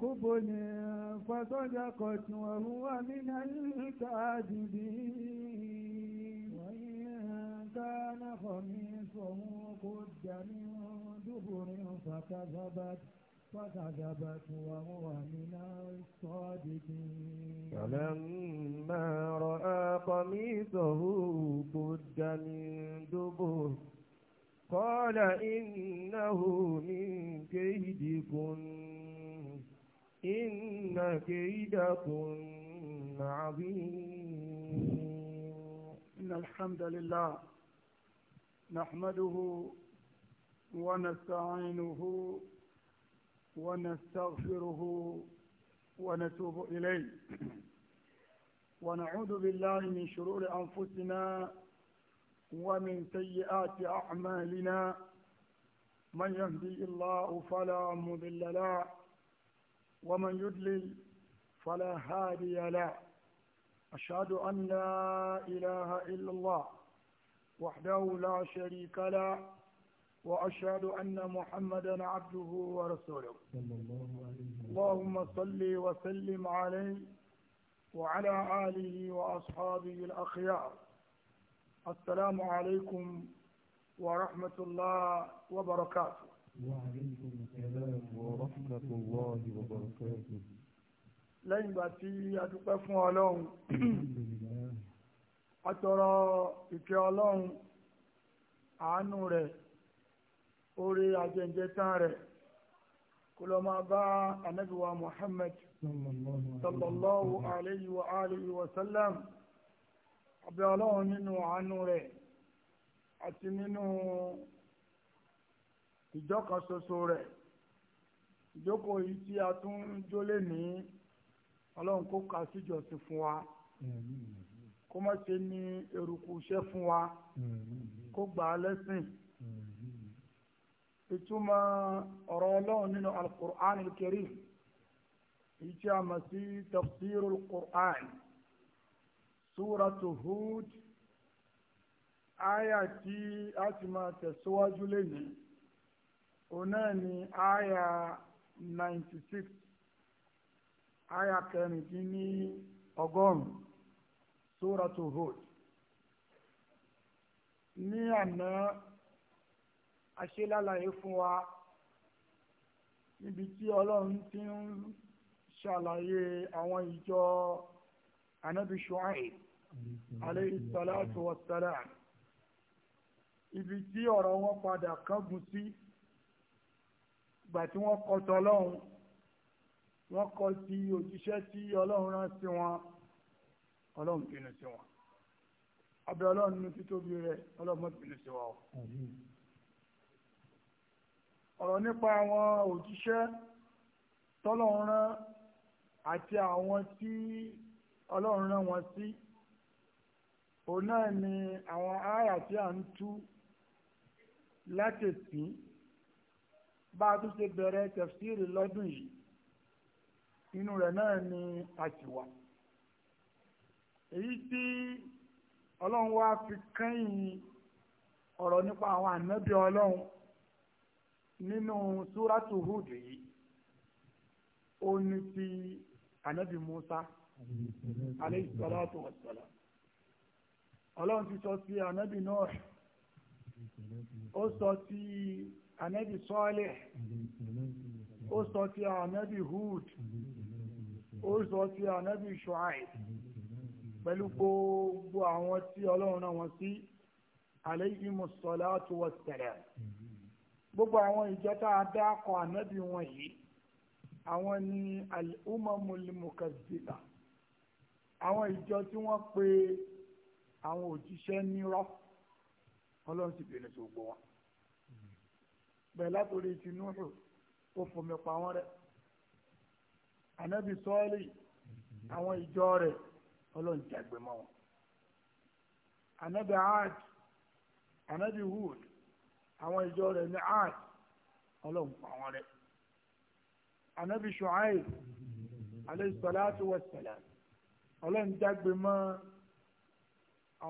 كبن فصدقت وهو من الكاذبين وإن كان خميصه قد من دبر فكذبت فكذبت وهو من الصادقين فلما رأى قميصه قد من دبر قال إنه من كيدكن إن كيدكم عظيم إن الحمد لله نحمده ونستعينه ونستغفره ونتوب إليه ونعوذ بالله من شرور أنفسنا ومن سيئات أعمالنا من يهدي الله فلا مضل له ومن يدلل فلا هادي له أشهد أن لا إله إلا الله وحده لا شريك له وأشهد أن محمدا عبده ورسوله اللهم صل وسلم عليه وعلى آله وأصحابه الأخيار السلام عليكم ورحمة الله وبركاته وعليكم السلام ورحمة الله وبركاته lẹ́yìn ìgbà tí a dúpẹ́ fún ọlọ́run a tọrọ ìkẹ́ ọlọ́run àánú rẹ̀ oore ajẹ́njẹ́tán rẹ̀ kó lọ máa bá anábìwá Muhammad sallallahu alayhi wa alihi wa sallam abẹ́ ọlọ́run nínú àánú rẹ̀ àti nínú ìjọkan ṣoṣo rẹ̀ ìjókòó yìí tí a tún ń jólè ní ọlọ́run kó kà síjọsìn fún wa kó má ṣe ní eruku iṣẹ́ fún wa kó gbà á lẹ́sìn ìtumọ̀ ọ̀rọ̀ ọlọ́run nínú alukur'an al-karim tí a mọ̀ sí tafsirul qur'an suratu hud aya tí a ti máa tẹ̀síwájú lẹ́yìn. òun náà aya 96 aya six àyà kẹrìndínlẹ́ ọgọ́rùn-ún sóràtò Hud ní àná aṣélàlàyé fún wa níbi tí ọlọ́run ti n ṣàlàyé àwọn ìjọ anabi Shu'aib alayhi salatu wa salam ibi tí ọrọ wọn padà kángun sí. Si gbà tí wọ́n kọ tọ ọlọ́run wọ́n kọ sí òjíṣẹ́ tí ọlọ́run rán sí wọn ọlọ́run bínú sí wọn abẹ ọlọ́run nínú títóbi rẹ ọlọ́run bínú sí wọn. ọ̀rọ̀ nípa àwọn òjíṣẹ́ tọ́lọ́run rán àti àwọn tí ọlọ́run rán wọn sí òun náà ni àwọn áyà tí à ń tú látẹ̀sìn bá a tún ṣe bẹ̀rẹ̀ tẹ̀fsíìrì lọ́dún yìí inú rẹ̀ náà ni a sì wà èyí tí ọlọ́run wá fi kẹ́yìn ọ̀rọ̀ nípa àwọn ànábì ọlọ́run nínú súrátù Hud yìí ó ní ti ànábì Musa alayhi salatu wassalam ọlọ́run ti sọ sí ànábì Nuh ó sọ sí ànábì sọ́ọ̀lẹ̀ ó sọ ti ànábì Hud ó sọ ti ànábì Shu'aib pẹ̀lú gbogbo àwọn tí ọlọ́run náà wọ́n sí alayhimus salatu wassalam gbogbo àwọn ìjọ tá a dá kọ ànábì wọn yìí àwọn ni al-umamul mukazziba àwọn ìjọ tí wọ́n pe àwọn òjíṣẹ́ nírọ́ ọlọ́run sì bèrè sí gbogbo wọn bẹ̀rẹ̀ látòrí ti núhù ó fòmì pa wọ́n rẹ̀ ànábì sọ́ọ́lì àwọn ìjọ rẹ̀ ọlọ́run jàgbé mọ́ wọn ànábì aad ànábì wood àwọn ìjọ rẹ̀ ní aad ọlọ́run pa wọ́n rẹ̀ ànábì shuaib alayhi salatu wassalam ọlọ́run jàgbé mọ́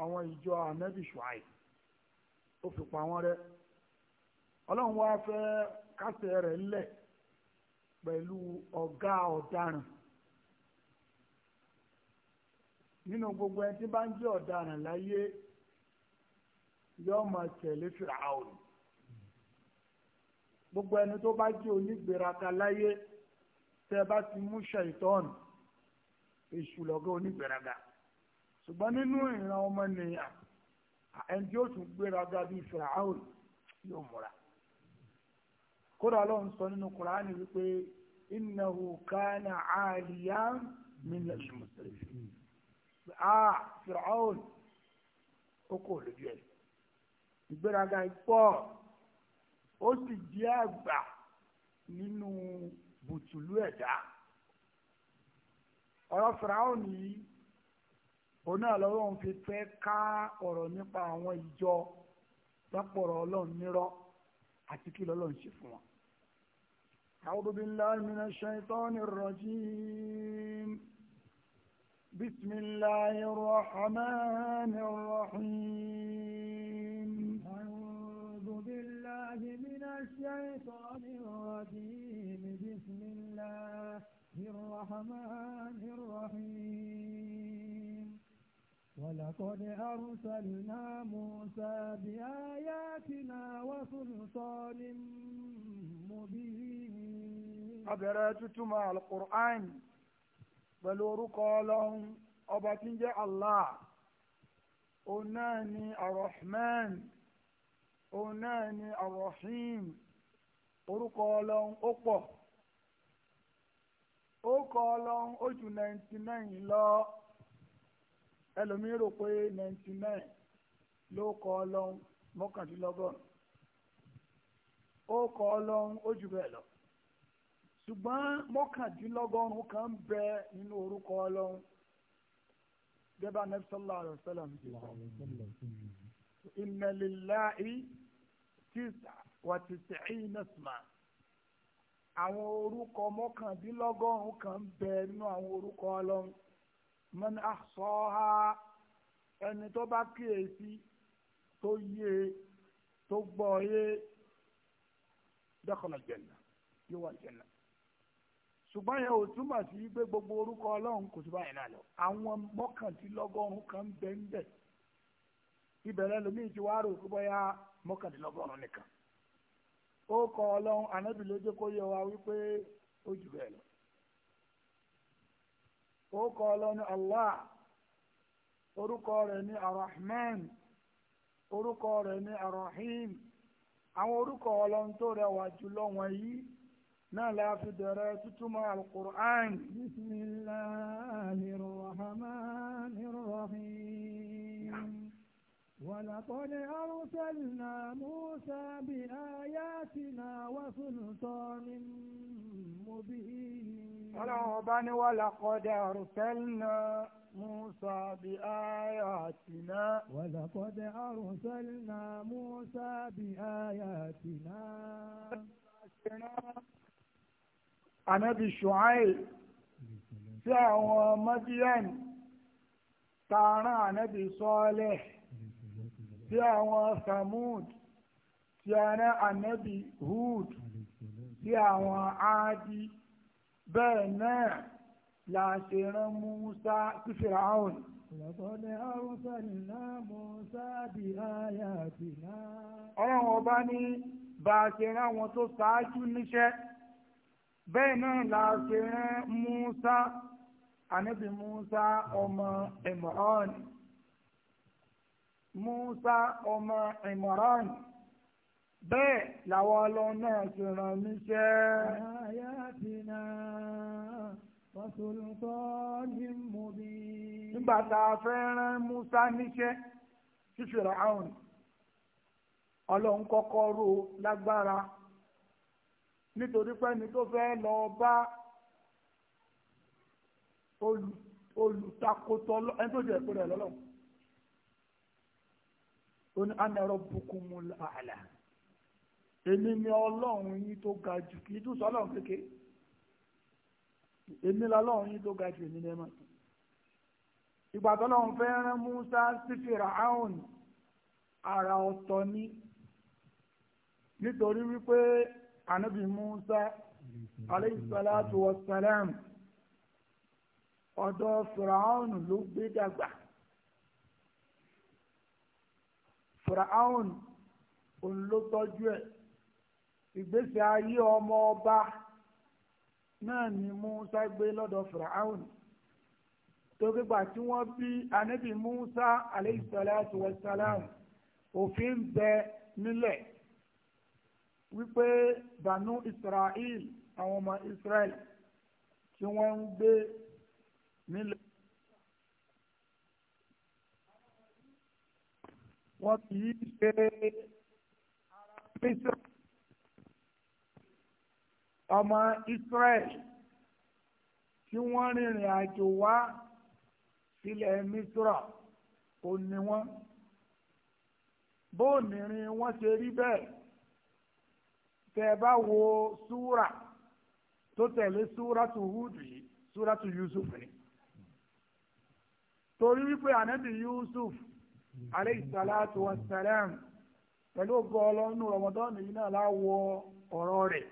àwọn ìjọ ànábì shuaib ó fi pa wọ́n rẹ̀. ọlọ́run wá fẹ́ kásẹ̀ rẹ̀ lẹ̀ pẹ̀lú ọ̀gá ọ̀daràn nínú gbogbo ẹni tí bá ń jẹ́ ọ̀daràn láyé yọ máa tẹ̀lé fìràwọ̀n gbogbo ẹni tó bá jẹ́ onígbèraka láyé tẹ́ bá ti mú ṣàìtọ́n èṣù lọ́gọ́ onígbèraka ṣùgbọ́n nínú ìran ẹni tí ó tún gbéraga bíi fìràwọ̀n yóò múra kódà ló ń sọ nínú kùránì wípé innahu kana aliyan min al-musrifin ah fìràún ó kò lójú ẹ̀ ìgbéraga ipò ó sì jẹ́ àgbà nínú bùtùlù ẹ̀dá ọ̀rọ̀ fìràún yìí òun náà lọ́wọ́ ń fi fẹ́ ká ọ̀rọ̀ nípa àwọn ìjọ lọ́pọ̀rọ̀ ọlọ́run nírọ́ àti kí lọ́lọ́run ṣe fún wọn. أعوذ بالله من الشيطان الرجيم بسم الله الرحمن الرحيم أعوذ بالله من الشيطان الرجيم بسم الله الرحمن الرحيم ولقد أرسلنا موسى بآياتنا وسلطان مبين abẹ̀rẹ̀ tútùmọ̀ alukur'an pẹ̀lú orúkọ ọlọ́run ọba tí ń jẹ́ allah òun náà ni arrahman òun náà ni arrahim orúkọ ọlọ́run ó pọ̀ ó kọ ọlọ́run ó ju ninety lọ ẹlòmíín rò pé ninety ló kọ ọlọ́run mọ́kàndínlọ́gọ́rùn-ún ó kọ ọlọ́run ó ju bẹ́ẹ̀ lọ ṣùgbọ́n mọ́kàndínlọ́gọ́rùn-ún kan ń bẹ nínú orúkọ ọlọ́run gẹ́gẹ́ Ànábì sallallahu alaihi wasallam ti sọ. inna lillahi tis'a wa tis'ina isma àwọn orúkọ mọ́kàndínlọ́gọ́rùn-ún kan ń bẹ nínú àwọn orúkọ ọlọ́run man ahsaha ẹni tó bá kíyèsí tó yé tó gbọ́ yé dakhala al yóò wà al ṣùgbọ́n yẹn ò túmọ̀ sí gbogbo orúkọ ọlọ́run kò sí báyìí náà lọ àwọn mọ́kàndínlọ́gọ́rùn kan bẹ ń bẹ̀ ìbẹ̀rẹ̀ lomiin ti wá rò nìkan ó kọ ọlọ́run anábì lójú kó yẹ wa wípé ó jù bẹ́ẹ̀ lọ ó kọ ọlọ́run allah orúkọ rẹ̀ ní نلا la fi القرآن بسم الله الرحمن الرحيم ولقد أرسلنا موسى بآياتنا وسلطان مبين ولقد أرسلنا موسى بآياتنا ولقد أرسلنا موسى بآياتنا anabi shuail sí àwọn madian tààrán anabi sọ́ọ́lẹ̀ sí àwọn samud sí anabi hud sí àwọn adi bẹ́ẹ̀ náà la ṣe rán musa sí firaun. Lọ́kọ̀ọ́ ni nínú Musa bí ayé Ọlọ́run ọba ní bá a ṣe rán wọn tó ṣáájú níṣẹ́ bẹ́ẹ̀ náà la ṣe rán Musa anabi Musa ọmọ Imran Musa ọmọ Imran bẹ́ẹ̀ làwọn ọlọ́run náà ṣe rán níṣẹ́. àyà ti náà wàsùlùkọ́ ní mòbí. nígbà tá a fẹ́ rán Musa níṣẹ́ sí Fìràhùn ọlọ́run kọ́kọ́ rò lágbára nítorí pẹ́ni tó fẹ́ lọ bá olùtakotọ ẹni tó jẹ ẹ̀kọ́ rẹ̀ lọ́lọ́ ó ní anarọ bukumu àlà èmi ni ọlọ́run yín tó ga jù kì í tún sọ ọlọ́run kékeré èmi lọ́lọ́run yín tó ga jù èmi ni ẹ máa tún ìgbà tó lọ́run fẹ́ rán Musa sí Firaun ara ọ̀tọ̀ ni nítorí wípé anabi musa aleyhisalatu wasalam ọ̀dọ̀ firaun ló gbé dàgbà firaun òun ló tọ́jú ẹ̀ ìgbésí ayé ọmọ ọba náà ni musa gbé lọ́dọ̀ firaun torí gbà tí wọ́n bí anabi musa aleyhisalatu wasalam òfin bẹ nílẹ̀ wípé banu israel àwọn ọmọ israel tí wọ́n ń gbé nílẹ̀ wọ́n kì í ṣe israel ọmọ israel tí wọ́n rìnrìn àjò wá sílẹ̀ misra ò ní wọ́n bóònìrín wọ́n ṣe rí bẹ́ẹ̀. tẹ ẹ bá wo súra tó tẹ̀lé súra tó húdù yìí súra tó yusuf ni torí wípé ànábì yusuf aleyhisalatu wasalam pẹ̀lú ògo ọlọ́nu ramadan yìí náà láwọ ọ̀rọ̀ rẹ̀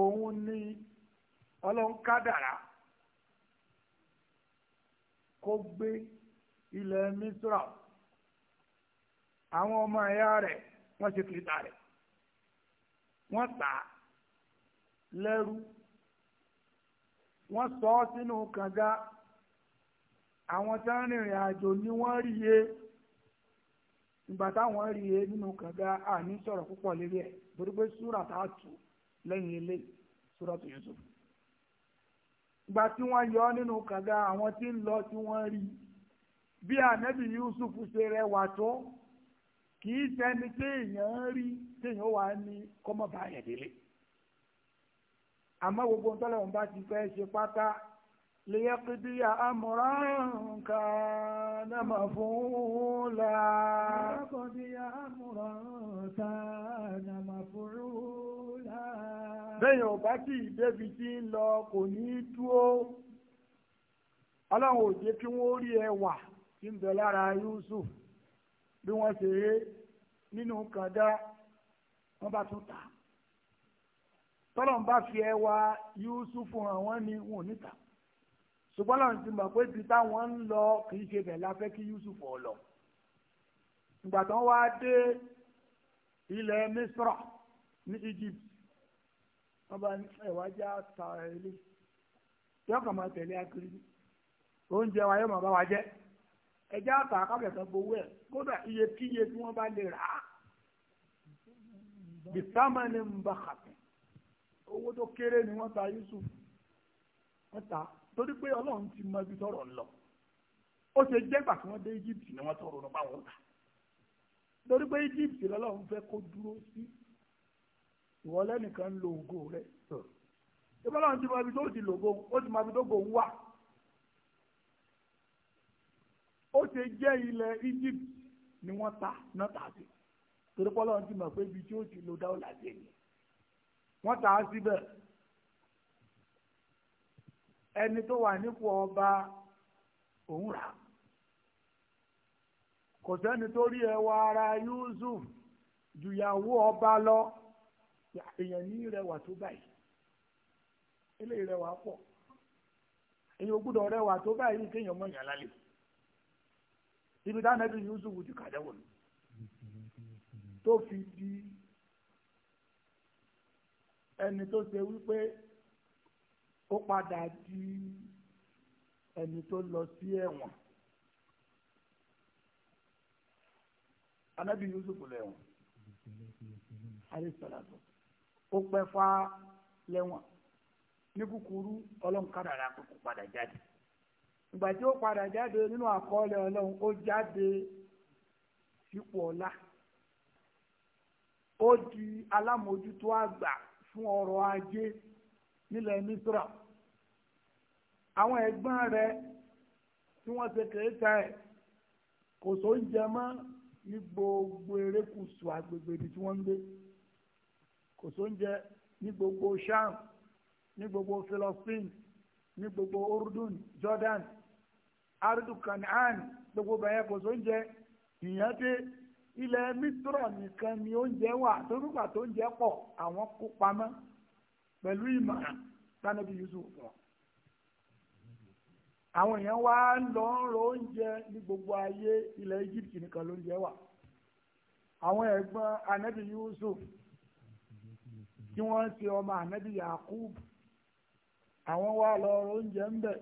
òun ni ọlọ́run kádàrá kó gbé ilẹ̀ misra àwọn ọmọ ẹ̀yà rẹ̀ wọ́n ṣe kìlítà rẹ̀ wọ́n tà á wọ́n sọ ọ́ sínú àwọn tí wọ́n rìnrìn àjò ni wọ́n rí ìgbà táwọn rí nínú kànga àní sọ̀rọ̀ púpọ̀ lérí ẹ̀ torí pé súrà tá a tù lẹ́yìn tí wọ́n yọ nínú kànga àwọn tí ń tí wọ́n rí bí Yusuf ṣe rẹwà tó. kì í ṣẹni téèyàn rí téèyàn wà ní kọ́mọ̀bá yẹn délé àmọ́ gbogbo ntọ́lẹ̀ wọn bá ti fẹ́ ṣe pátá lè yẹ kí bí àmúra nǹkan náà mà fún un la. lọ́kọ̀ bí tí ìdébi tí ń lọ kò ní í dúró ọlọ́run ò jẹ́ kí wọ́n rí ẹwà tí ń bẹ lára Yusuf bí wọ́n ṣe é nínú kànga wọ́n bá tún ta tọ́lọ̀ ń bá fi ẹwà Yusufu hàn wọ́n ní wọn ò ní ta ṣùgbọ́n lọ́n ti mọ̀ pé ti táwọn ń lọ kì í ṣe bẹ̀ la kí Yusufu ọ̀ lọ ìgbà tán wá dé ilẹ̀ Misra ní Egypt wọ́n bá ẹ̀wà já ta ilé yọkàn máa tẹ̀lé akiri oúnjẹ wa yóò máa bá wa jẹ́ ẹjẹ́ àtà akábẹ̀tàn gbowó ẹ̀ kódà iye kíye tí wọ́n bá lè rà á bìtámà ni ń bá kàtẹ́ owó tó kéré ni wọ́n ta Yusuf wọ́n ta torí pé Ọlọ́run ti mọ ibi tọrọ ń lọ ó ṣe jẹ́gbà tí wọ́n dé Egypt ni wọ́n tọrọ nípa wọn ta torí pé Egypt lọ́lọ́run fẹ́ kó dúró sí ìwọlẹ́nìkan lo ògo rẹ̀ ìbọ́lọ́run ti mọ ibi tó ti lògo ó ti mọ ibi tó gò wà. ó ṣe jẹ́ ilẹ̀ Egypt ni wọ́n ta náà tà sí torí pọ́lọ́ ti mọ̀ pé ibi tí ó ti lo dáwọ́là dé ni wọ́n ta á síbẹ̀ ẹni tó wà nípò ọba òun rà kò sẹ́ni tó rí ẹwà ara Yusuf jùyàwó ọba lọ èèyàn ní rẹwà tó báyìí eléyìí rẹwà pọ̀ èèyàn ò gbúdọ̀ rẹwà tó báyìí kéèyàn mọ̀ yàn lálẹ́ ibi táwọn ẹbí Yusuf ti kàdẹ́wò ni tó fi di ẹni tó ṣe wípé ó padà di ẹni tó lọ sí ẹ̀wọ̀n anabi Yusuf lẹ́wọ̀n alayisalaatu ó pẹ́ fá lẹ́wọ̀n ní kúkúrú ọlọ́nkadà rà kó padà jáde ìgbà tí ó padà jáde nínú àkọọ́lẹ̀ ọlọ́run ó jáde sípò ọlá ó di alámòójútó àgbà fún ọrọ̀ ajé nílẹ̀ Mísírà àwọn ẹ̀gbọ́n rẹ̀ tí wọ́n ṣe kèéta ẹ̀ kò sóúnjẹ mọ́ ní gbogbo erékùṣù agbègbè ibi tí wọ́n ń gbé kò sóúnjẹ ní gbogbo sham ní gbogbo Philippines ní gbogbo Urdun Jordan ardu kanaan gbogbo bẹ̀yẹ kò sóúnjẹ ìyẹn dé ilẹ̀ mísírọ̀ nìkan ni oúnjẹ wà torúkà tó oúnjẹ pọ̀ àwọn kó pamọ́ pẹ̀lú ìmọ̀ràn tánàbí Yusuf sọ̀rọ̀ àwọn èèyàn wá ń lọ ń ro oúnjẹ ní gbogbo ayé ilẹ̀ Egypt nìkan lóúnjẹ wà àwọn ẹ̀gbọ́n anabi Yusuf tí wọ́n ń ṣe ọmọ anabi Yakub àwọn wá lọ ro oúnjẹ ń bẹ̀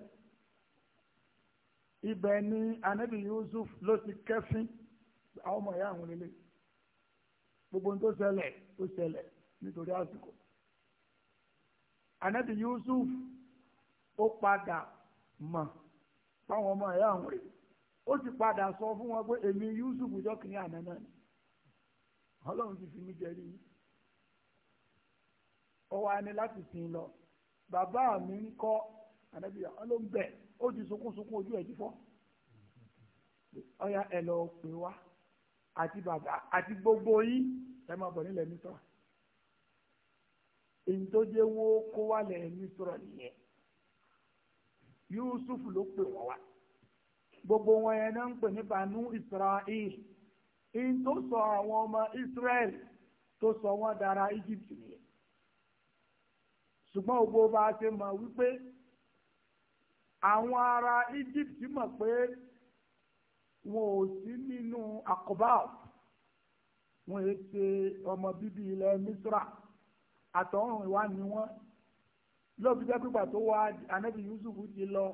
ibẹ̀ ni anabi yusuf ló ti kẹ́fín àwọn ọmọ àwọn gbogbo tó ṣẹlẹ̀ tó ṣẹlẹ̀ nítorí àsìkò anabi yusuf ó padà mọ fáwọn ọmọ ìyá àwọn rẹ̀ ó ti padà sọ fún wọn pé èmi yusuf jọ kìíní àná náà ni ọlọ́run ti fi mí jẹ́rí ọwọ́ ani láti sìn lọ bàbá mi ń kọ́ anabi yà ọ́ ó di sunkún sunkún ojú ẹ̀ ti fọ́ ọ̀ya ẹ lọ pè wá àti bàbá àti gbogbo yín ẹ máa bọ̀ nílẹ̀ mísọ̀rọ̀ èyí tó jẹ́ wó kó wà lẹ̀ mísọ̀rọ̀ nìyẹn Yusuf ló pè wọ́n wá gbogbo wọn yẹn náà ń pè ní Banu Israel èyí tó sọ àwọn ọmọ Israel tó sọ wọn dára Egypt nìyẹn ṣùgbọ́n gbogbo bá ṣe mọ̀ wípé àwọn ará Egypt mọ̀ pé wọn ò sí nínú àkọ́bá wọn è ṣe ọmọ bíbí ilẹ̀ Misra àtọ̀run ìwà ni wọ́n lọ́bi jẹ́ pípa tó wá anabi Yusuf ti lọ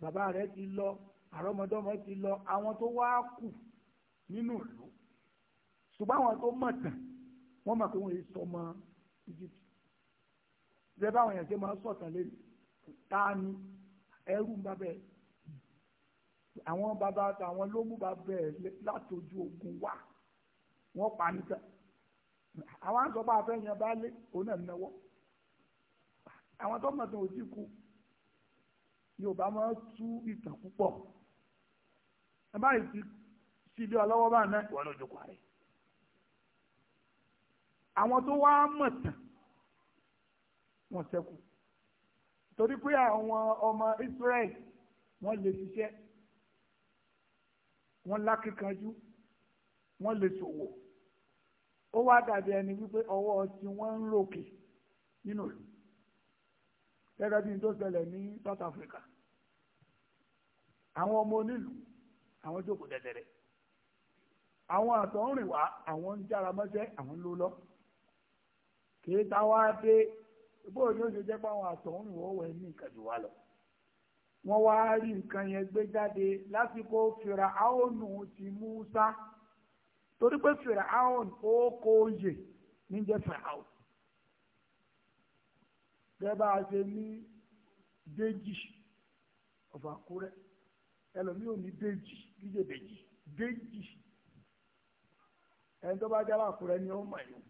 bàbá rẹ̀ ti lọ àrọ́mọdọ́mọ ti lọ àwọn tó wá kù nínú ìlú ṣùgbọ́n àwọn tó mọ̀ tán wọ́n mọ̀ pé wọ́n yé sọmọ Egypt. ìjọba àwọn èèyàn ṣe máa ń sọ̀tàn lẹ́yìn tá a ní ẹrú ń bá bẹ́ẹ̀ àwọn bàbá àwọn ló mú bàbá ẹ̀ látọjú ogun wá wọ́n pa níta àwọn àtọ́gbà afẹ́yàn bá lé òun náà náwó àwọn tó mọ̀tàn ò tí kú yorùbá máa tú ìtàn púpọ̀ ẹ báyìí ti sílé ọlọ́wọ́ bá náà ìwọ lójú kwari àwọn tó wá mọ̀tàn wọ́n ṣẹ́kù torí pé àwọn ọmọ Israel wọ́n lè ṣiṣẹ́ wọ́n lákìkanjú wọ́n lè ṣòwò ó wá dàbí ẹni wípé ọwọ́ tí wọ́n ń ròkè nínú ìlú gẹ́gẹ́ bí n tó ṣẹlẹ̀ ní South Africa àwọn ọmọ onílù àwọn jókòó dẹ̀dẹ̀rẹ̀ àwọn àtọ̀húnrìnwá àwọn ń jára mọ́ṣẹ́ àwọn ń lò lọ kì í dé bóyá ni ó ṣe jẹ́ pé àwọn àtọ̀hún ìwọ́ wẹ̀ ní nǹkan jù wá lọ. wọ́n wá rí nǹkan yẹn gbé jáde lásìkò fìrà áhùnù ti Mùsá torí pé fìrà áhùn ó kó oyè níjẹ́ fìrà áhùn. gẹ́gẹ́ bá ṣe ní déjì ọ̀fà kúrẹ́ ẹlòmíì ò ní déjì díje déjì déjì ẹni tó bá jẹ́ àkúrẹ́ ni ó mọ̀ yìí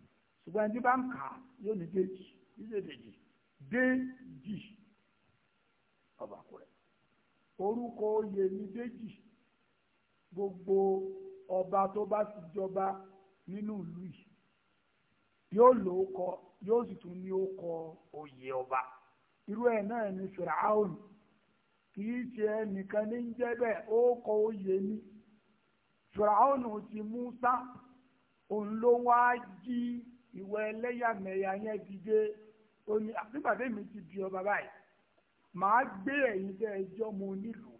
ṣùgbọ́n ẹni tí bá ń kà á yóò ní déjì. ìṣe dèjì déjì ọba Àkúrẹ́ orúkọ oyè ní déjì gbogbo ọba tó bá ti jọba nínú ìlú yìí yóò lò ó kọ yóò sì tún ní ó kọ oyè ọba irú ẹ̀ náà ní Firaun kì í ṣe ẹnìkan ní ń jẹ́ bẹ́ẹ̀ ó kọ oyè ní Firaun ti Musa òun ló wá jí ìwà ẹlẹ́yàmẹ̀yà yẹn dìde. ó ní àtúbàdé ah, mi ti di ọba báyìí màá gbé ẹ̀yin tẹ́ ẹ jọ́ mo nílùú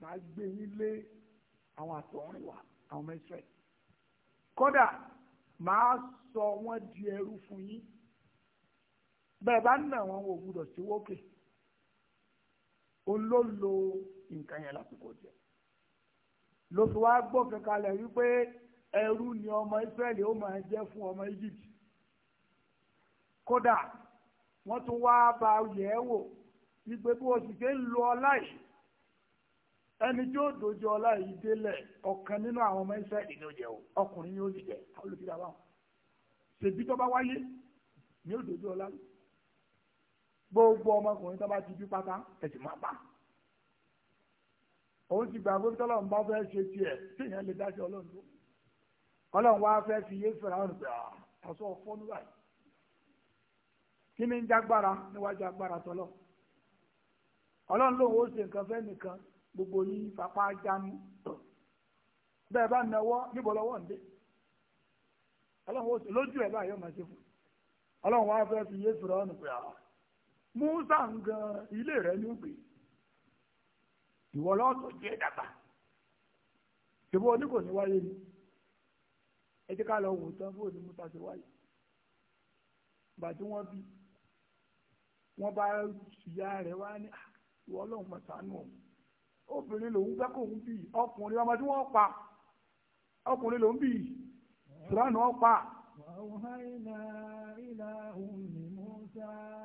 màá gbé yín lé àwọn àtọ̀hún wa àwọn ọmọ Ísírẹ́lì kódà màá sọ wọ́n di ẹrú fún yín bẹ́ẹ̀ bá nà wọ́n ò gbúdọ̀ sí wókè olólo nǹkan yẹn lásìkò jẹ ló fi wá gbófin kalẹ̀ wípé ẹrú ni ọmọ Ísírẹ́lì ó máa jẹ́ fún ọmọ Egypt kódà wọ́n tún wá bá yẹ̀ ẹ́ wò wípé bí wọ́n sì fẹ́ ń lo ọlá yìí ẹni tí ó dojú ọlá yìí délẹ̀ ọ̀kan nínú àwọn ọmọ ẹ̀ṣẹ́ ìní òjẹ̀ o ọkùnrin yóò sì jẹ́ olùkíra wa ṣèbí tó bá wáyé ni ó dojú ọlá gbogbo ọmọkùnrin tó bá ti bí pátá ẹ̀sìn máa bá òun ti gbàgbé tọ́lọ́run bá fẹ́ ṣe tiẹ̀ téèyàn lè dá sí ọlọ́run tó ọlọ́run wá fẹ́ fi yé fẹ́ràn rẹ̀ àṣọ ọ̀fọ́nú báyìí kí ni ń jágbára níwájú agbára tọ́lọ̀ ọlọ́run lòun ó ṣe nǹkan fẹ́ nìkan gbogbo yín fapá jánu bẹ́ẹ̀ bá nawọ́ níbo lọ́wọ́ ń dé ọlọ́run ó ṣe lójú ẹ̀ báyọ̀ máa ṣe fún ọlọ́run wá fẹ́ fi yéésù rẹ̀ ọ̀nà pé à ah, múùsà ń ilé rẹ̀ ní ògbè ìwọ lọ́sọ̀ jẹ́ dàgbà ìwọ oníkò ní wáyé ni ẹ jẹ́ ká lọ wò tán fún òní múta ṣe wáyé ìgbà tí bí wọ́n bá ìyá rẹ̀ wá ní ah, ìwọ ọlọ́run pàtàkì obìnrin lòun gbẹ́ kóun bì ọkùnrin ọmọ tí wọ́n pa ọkùnrin lòun bì sùránù ọ̀pá.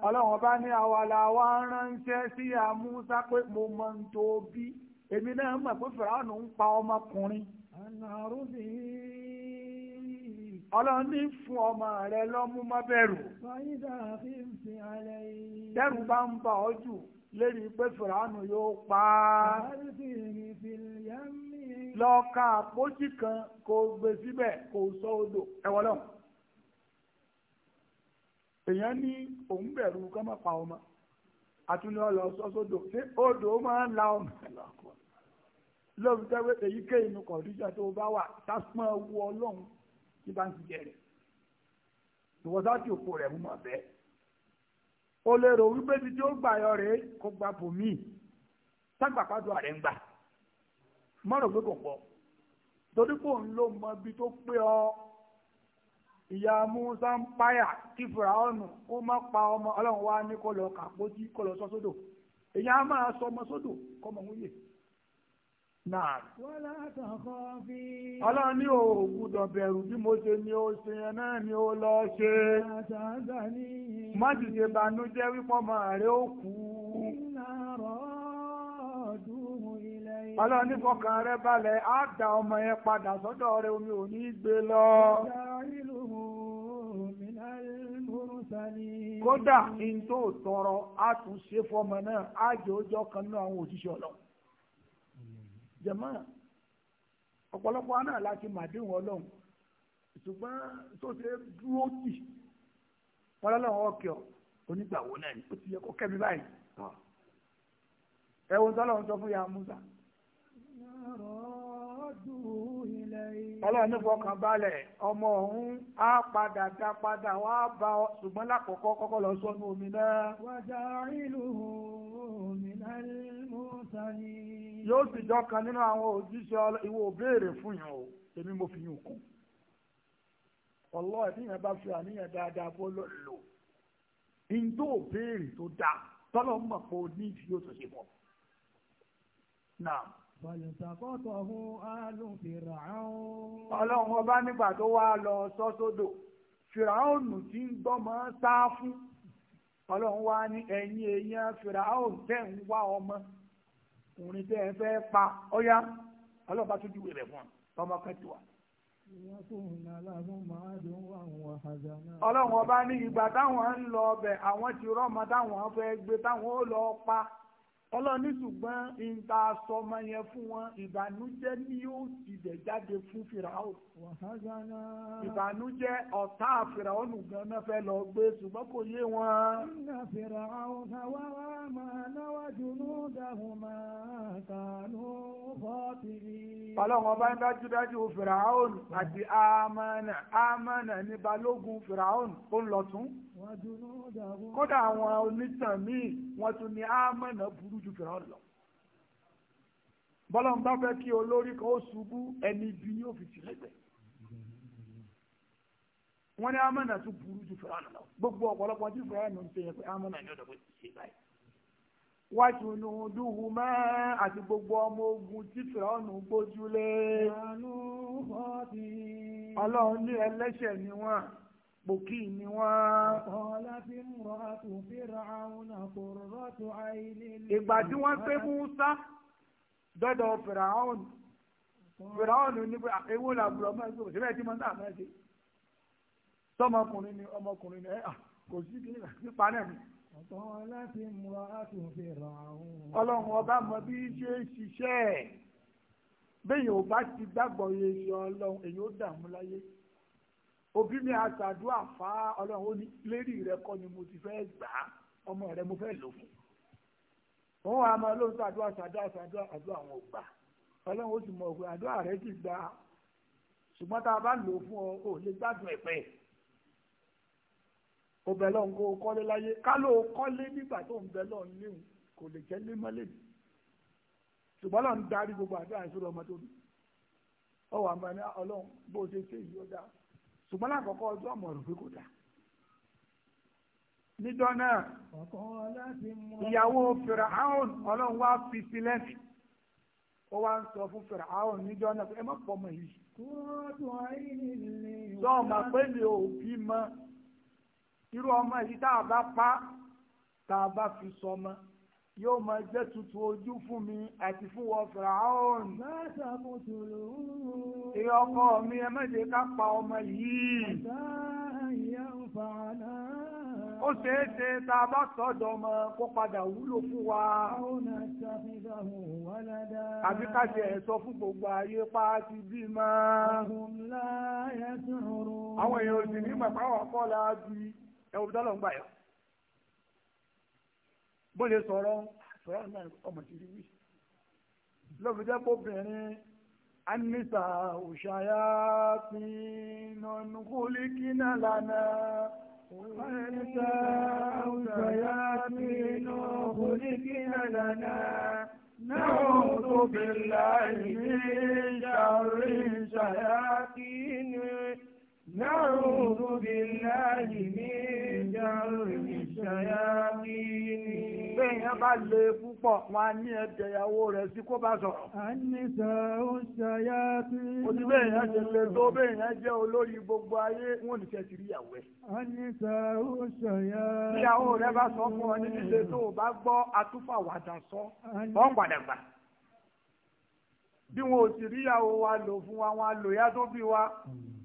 ọlọ́run ọba ní àwàlà wa ránṣẹ́ sí àmúṣá pé mo mọ ń tó èmi náà mọ̀ pé sùránù ń pa ọmọkùnrin. ọlọ́run ní fún ọmọ rẹ lọ́mú mọ́bẹ̀rù tẹ́rù bá ń bà ọ́ jù lérí pé fìràánù yóò pa á. lọ ka àpótí kan kò gbé síbẹ̀ kò sọ odò ẹ̀wọ̀n náà. èèyàn ní òun bẹ̀rù kọ́ máa pa ọmọ àtúnlẹ̀ ọ̀lọ́ sọ sódò ṣé odò máa ń la ọmọ lóòótọ́ tẹ́wé èyíkéyìí nu kọ̀ọ̀dúnjà tó bá wà tásùmọ̀ wu ọlọ́run tí bá ń ti jẹ rẹ̀ ìwọ́sá tí òkú rẹ̀ mú mọ̀ bẹ́ẹ̀ o lè rò wípé ibi tí ó gbà yọ rèé kó gba bòmíì ságbàpàdé ààrẹ ń gbà mọ́rọ̀ gbé kò pọ̀ torí pò ń lò mọ ibi tó pé ọ ìyá musa ń páyà kí fìràọ́nù kó má pa ọmọ ọlọ́run wá ní kó lọ kàpótí kó lọ sọ sódò èyí á máa sọ ọmọ sódò kọ́mọ ń yè náà. wọ́lá tọ̀kọ́ fi. ọlọ́run ní o gbúdọ̀ bẹ̀rù bí mo ṣe ni o ṣe yẹn náà ni o lọ ṣe. àtàgbà ni. má sì ṣe bànújẹ́ wípọ́ máa rẹ ó kú. ìlàrọ̀ ọdún ilẹ̀ yìí. ọlọ́run ní fọkàn rẹ balẹ̀ á da ọmọ yẹn padà sọ́dọ̀ rẹ omi ò ní gbé lọ. ìdá ìlú mi náà kódà ní tó tọrọ a tún ṣe fọmọ náà á jẹ ọjọ́ kan náà àwọn òṣìṣẹ́ ọlọ́run jẹ̀mọ́ ọ̀pọ̀lọpọ̀ aná láti màdéhùn ọlọ́run ṣùgbọ́n tó ṣe dúró tì ọlọ́run ọkẹ́ ọ onígbàwó náà ni ó ti yẹ kó kẹ́mi báyìí ah. ẹ̀wọ̀n tó sọ fún ya Musa. ọlọ́run nípa ọkàn balẹ̀ ọmọ ọ̀hún á padà dá padà wá bá ọ ṣùgbọ́n lákòókò kọ́kọ́ lọ sọ́nù omi wàjà ìlú omi yóò sì jọ kan nínú àwọn òjíṣẹ́ ìwọ òbéèrè fún yàn o èmi mo fi yàn kún ọlọ́ ẹ̀ tíyàn bá fi àníyàn dáadáa bó lọ lò ní òbéèrè tó dáa tọ́lọ́ mọ̀ pé o ní ìdí yóò tó ṣe bọ̀ náà. Bàlùsàkọ́tọ̀ ọ̀hún àlùn Fìràún. Ọlọ́run ọba nígbà tó wá lọ sọ́sódò, Fìràún tí ń gbọ́mọ sá fún. Ọlọ́run wá ní ẹ̀yin èèyàn Fìràún tẹ̀ ń wá ọmọ ọkùnrin tẹ́ ẹ fẹ́ pa ọyá ọlọ́ba tó dìwé rẹ̀ fún ọ ọmọ kan tó wà. ọlọ́run ọba ní ìgbà táwọn ń lọ ọbẹ̀ àwọn ti rọ́ọ̀mọ táwọn fẹ́ gbé táwọn ó lọ pa ọlọ́run ṣùgbọ́n ìta sọmọ yẹn fún wọn ìbànújẹ́ ni yóò ti dẹ̀ jáde fún fìràwọ̀. ìbànújẹ́ ọ̀tá fìràwọ̀ nùgbọ́n náà fẹ́ lọ gbé ṣùgbọ́n kò yé wọn. iná fìràwọ̀ náwó wá máa náwó dùnú dáhùn máa kànú fọ́tìrì. ọlọ́run ọba ń dájúdájú fìràwọ̀ àti amánà amánà ní balógun fìràwọ̀ ó ń lọ tún. kódà àwọn onítàn míì wọ́n tún ní ah, ámọ̀nà burú ju fìràn lọ bọ́lọ́n bá fẹ́ kí olórí kan ó ṣubú ẹni bí yóò fi sílẹ̀ gbẹ̀ wọ́n ní amọ̀nà ah, tún burú ju fìràn lọ gbogbo ọ̀pọ̀lọpọ̀ tí fìràn lọ ń ṣe pé amọ̀nà ah, ni ó dọ̀gbẹ́ ṣe báyìí wàtúnúdúhù mẹ́ àti gbogbo ọmọ ogun tí fìrọ́nù gbójúlé ọlọ́run ní ẹlẹ́ṣẹ̀ ni wọ́n pòkì ni wọ́n. ọ̀la fi ń rọ àtúnfẹ́ra àwọn àkòrò tó àìlè. ìgbà tí wọ́n pé Musa dọ́dọ̀ Fìràhùn Fìràhùn ní ah, ewu làbúrò ọmọ ẹgbẹ́ òṣèlú ẹtí mọ́tà máa ṣe. sọmọkùnrin ni ọmọkùnrin ni ẹ eh, ah, kò sí kí nípa náà ni. ọ̀la fi ń rọ àtúnfẹ́ra àwọn. ọlọ́run ọba mọ bí ṣe ń ṣiṣẹ́ bẹ́ẹ̀ yóò bá ti gbàgbọ́ yẹ ṣe ọlọ́run èyí ó dààmú láyé òbí mi àtàdúrà fa ọlọ́run ó ní lérí rẹ kọ́ ni mo ti fẹ́ gbà á ọmọ rẹ mo fẹ́ lò fún òun àá máa lóun sàdúrà sàdúrà sàdúrà àdúrà àwọn ògbà ọlọ́run ó sì mọ̀ pé àdúrà rẹ ti gbà á ṣùgbọ́n tá a bá lò fún ọ ò lè gbádùn ẹ̀pẹ́ ó bẹ lọ́n kó kọ́lé láyé ká ló kọ́lé nígbà tó ń bẹ lọ́n léwu kò lè jẹ́ lémọ́lẹ́bí ṣùgbọ́n lọ́n darí gbogbo àdúrà ìṣòro ṣùgbọ́n lákọ̀ọ́kọ́ ọjọ́ ọmọ rò pé kò dá níjọ́ náà ìyàwó fìràhàn ọlọ́run wá fi sílẹ̀ ó wá ń sọ fún fìràhàn níjọ́ náà ẹ má pọ̀ mọ́ yìí sọ ma pé mi ò bí mọ́ irú ọmọ yìí tá a bá pa tá a bá fi sọ mọ́ yóò máa jẹ́ tuntun ojú fún mi àti fún wọn fìràhàn. Bàtà mo tòrò ooo. Ìyá ọkọ mi ẹ má jẹ́ ká pa ọmọ yìí. Bàtà ìyá ń fà náà. Ó ṣeé ṣe tá a bá sọ́dọ̀ ọmọ kó padà wúlò fún wa. Àwọn àṣàfihàn wà ládàá. Àbí ká ṣe ẹ̀sọ́ fún gbogbo ayé pa ti bí mọ́. Àwọn láyé tó rọrùn. Àwọn èèyàn ò sì ní mọ̀ pàwọ̀ kọ́ la bí ẹ̀wù dọ́lọ̀ ń gbà yọ bó lè sọ̀rọ̀ sọ̀rọ̀ náà ọmọ ti rí wí. lọ́bi jẹ́ kó obìnrin anisa òṣàyà fi nànú kúlí lánàá. anisa òṣàyà fi nànú kúlí kínà lánàá. نعوذ بالله من شر الشياطين نعوذ بالله من شر الشياطين Béèyàn bá le púpọ̀, wọn á ní ẹ̀jẹ̀ ìyàwó rẹ̀ sí kó bá sọ̀rọ̀. A ní sàó ṣayá tí. Ó ti béèyàn ṣe lè tó béèyàn jẹ́ olórí gbogbo ayé, wọn ò ní ṣe ti ìyàwó ẹ̀. A ní sàó ṣayá tí. Ìyàwó rẹ̀ bá sọ fún ọ ní ṣíṣe tó o bá gbọ́ atúfàwàdà sọ, wọ́n padà gbà bí wọn ò sì ríyàwó wa lò fún wa wọn a lò yá tó bí wa hmm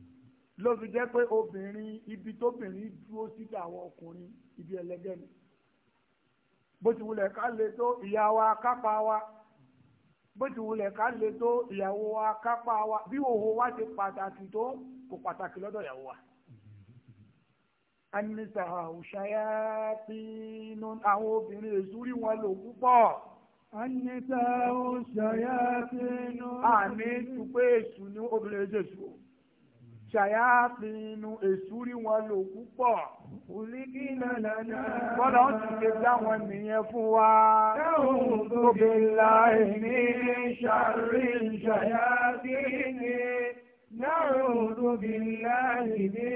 ló fi jẹ́ pé obìnrin ibi tóbìnrin dúró síbi àwọn ọkùnrin ibi ẹlẹgẹ́ ni bó ti wulẹ̀ ká le tó ìyá wa kápá wa bó ti wulẹ̀ ká le tó ìyàwó wa kápá wa bí òhò wa ti pàtàkì tó kò pàtàkì lọ́dọ̀ ìyàwó wa. anisa òṣàyà tí inú àwọn obìnrin èṣù rí wọn lò púpọ̀. anisa òṣàyà tí inú. àní tupé èṣù ni obìnrin èṣù ṣàyáàpinu èṣù rí wọn lò púpọ̀. Olíkí nàlá náà. Bọ́lá ó ti ṣe dáwọn nìyẹn fún wa. Táwọn òbí la èmi ṣàrí ṣàyáàpinu. نعوذ بالله من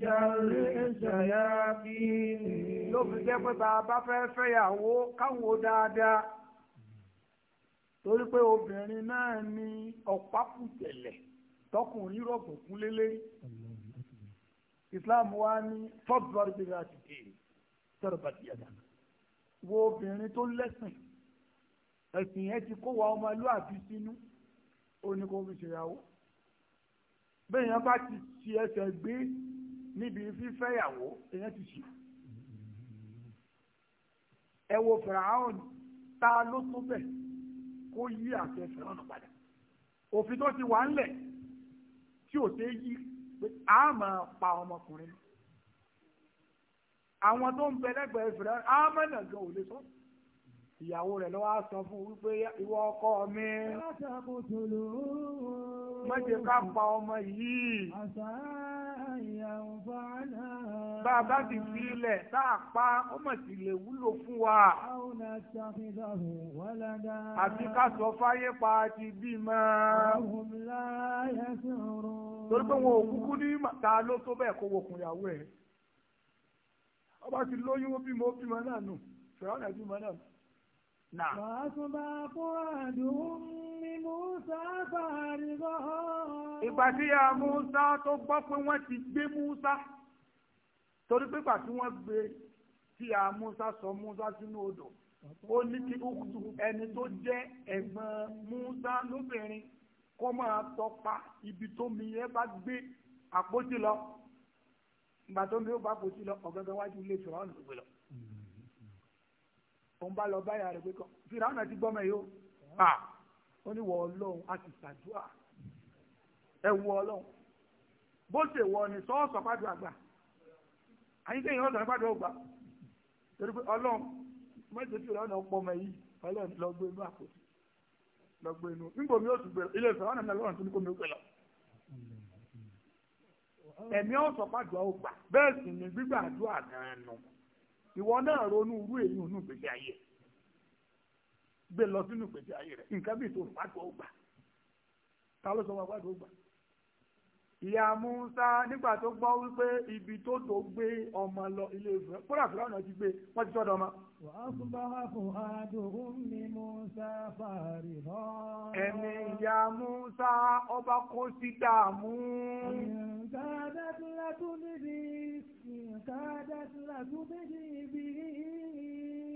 شر الشياطين. ló fi jẹ́ pé bàbá fẹ́ fẹ́yàwó káwọ́ dáadáa torí pé obìnrin náà ní ọ̀pákùtẹ̀lẹ̀ tọkùnrin rọ̀gùn kún lélẹ́rí islam wa ní fọ́bùrọ̀dì bí wọ́n ti dé sọ̀rọ̀ bàtì yàtà wo obìnrin tó lẹ́sìn ẹ̀sìn yẹn ti kó wa ọmọlúwàbí sínú oníkóbi ṣèyàwó bẹ́ẹ̀ yẹn bá ti ṣe ẹsẹ̀ gbé níbi fífẹ́yàwó èèyàn ti ṣe ẹ wo fìràhàn ta ló tó bẹ̀ kó yí àṣẹ fìràhàn padà òfin tó ti wà ńlẹ̀ tí ò ṣeé yí pé a máa pa ọmọkùnrin àwọn tó ń bẹ lẹ́gbẹ̀ẹ́ fìlà ámọ̀nà gan ò sọ ìyàwó rẹ̀ lọ́wọ́ á sọ fún wípé ìwọ ọkọ mi má ká pa ọmọ yìí bá ti fi tá a pa ọmọ sì lè wúlò fún wa àti ká sọ fáyé pa ti bímọ torí pé wọn ò kúkú ní ta ló tó bẹ́ẹ̀ kó wọkùn ìyàwó ẹ̀ ọba ti lóyún ó bímọ ó bímọ náà nù fẹ́ràn náà bímọ náà nù. Ìgbà tí ya Musa tó gbọ́ pé wọ́n ti gbé Musa torí pé pàtí wọ́n gbé tí ya Musa sọ Musa sínú odò ó ní kí ẹni tó jẹ́ ẹ̀gbọ́n Musa lóbìnrin kó máa tọpa ibi tó mi yẹn bá gbé àpótí lọ ìgbà tó mi yóò bá àpótí lọ ọ̀gángan wájú ilé fìràwọ̀n ló gbé lọ. òun bá lọ báyà rẹ̀ pé kọ́ fìràwọ̀n àti gbọ́mọ yìí ó à ó ní wọ ọlọ́run a ti ṣàdúrà ẹ wọ ọlọ́run bó ṣe wọ ni sọ́ọ̀sọ̀ pàdé àgbà àyíké yìí wọ́n sọ̀rọ̀ pàdé torí pé ọlọ́run mọ́tò tí ìrọ̀lẹ́ ọ̀pọ̀ ọmọ yìí ọlọ́run lọ gbé inú àpótí lọ́gbọ́ inú nígbò mi ó tún gbé ilé ìfẹ́ wọn nàìjíríà lọ́rùn tó ní kó mi ó gbé lọ. ẹ̀mí ọ̀sọ̀ pàdùà ó gbà bẹ́ẹ̀ sì ni gbígbà àdúrà gan-an nù ìwọ náà ronú irú èyí ònú ìgbésí ayé gbé lọ sínú ìgbésí ayé rẹ̀ nǹkan bíi tó pàdùà ó gbà ta ló sọ wọn pàdùà ó gbà ìyá musa nígbà tó gbọ́ wípé ibi tó tó gbé ọmọ lọ ilé ìfẹ́ kódà fúlàní náà ti gbé wọ́n ti tọ́jú ọmọ. wà tún bá fuadun ní musa fariha. ẹ̀mí ìyá musa ọba kó sí dààmú. nǹkan dátúlá tún níbi nǹkan dátúlá tún níbi ibi.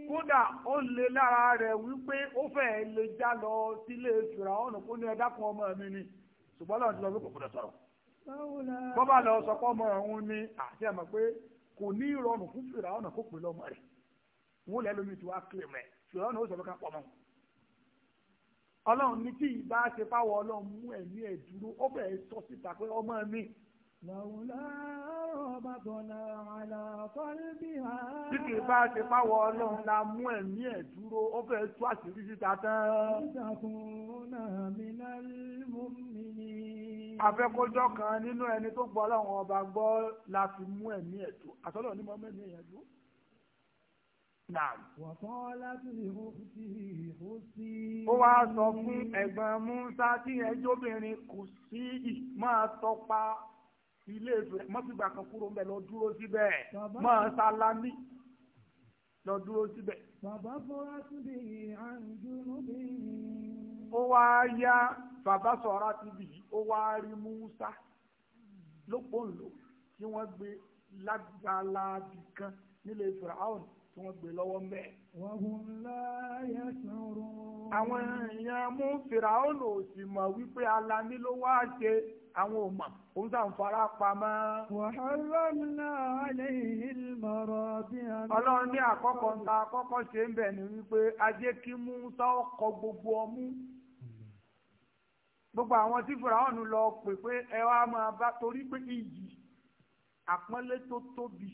kódà ó lè lára rẹ̀ wípé ó fẹ́ẹ́ lè já lọ sílé Fíráúnù kó ní ẹ dákun ọmọ mi ni ṣùgbọ́n lọ́run ti lọ sí kòkòrò sọ̀rọ̀ bọ́ bá lọ sọ ọmọ òun ni àti ẹ̀ pé kò ní ìrọ̀rùn fún fìrà ọ̀nà kó pè lọ́mọ rẹ̀ wọ́n lẹ́ lómi tí wàá kílè mẹ́ fìrà ọ̀nà ó sọ pé pọ̀ mọ́ wọn. ọlọ́run ní tí ì ṣe fáwọn ọlọ́run mú ẹ̀mí ẹ̀ dúró ó bẹ̀rẹ̀ sọ síta pé ọmọ mi Lọ́wọ́lá bá ṣe páwọ ọlọ́run la mú ẹ̀mí ẹ̀ dúró, ó fẹ́ tú àṣírí síta tán. Ìtàkùn náà mi náà mú mi ní afẹ́kọ́jọ́ kan nínú ẹni tó gbọ́ ọlọ́run ọba gbọ́ la fi mú ẹ̀mí ẹ̀ tó àtọ́lọ́ ní mọ́mọ́ ẹ̀mí ẹ̀yẹ tó. ó wá sọ fún ẹ̀gbọ́n Musa tí ẹjọ́ obìnrin kò sí máa tọpa ilé ìfẹ́ mọ́sígbà kan kúrò ń bẹ̀ lọ dúró síbẹ̀ máa sálámí lọ dúró síbẹ̀. bàbá fọ́ra síbi àǹjúrú bí. ó wá yá fàbásọ̀rá ti bì í ó wá rí Musa lópòǹlò tí wọ́n gbé lágbàlábì kan nílé Firaun tí wọ́n gbé lọ́wọ́ mẹ́ẹ̀. àwọn èèyàn mú Firaun ò sì mọ̀ wípé alani ló wá ṣe àwọn òmà òun sà fara pamọ́. wàhálàmìnà àlẹ́yìn mọ̀rọ̀ bí i. ọlọ́run ní àkọ́kọ́ ń ta àkọ́kọ́ ṣe ń bẹ̀ ni wípé ajé kí Musa ọkọ̀ gbogbo ọmú gbogbo àwọn tí fìràwọn lọ pè pé ẹ wá máa bá torí pé iyì àpọ́nlé tó tóbi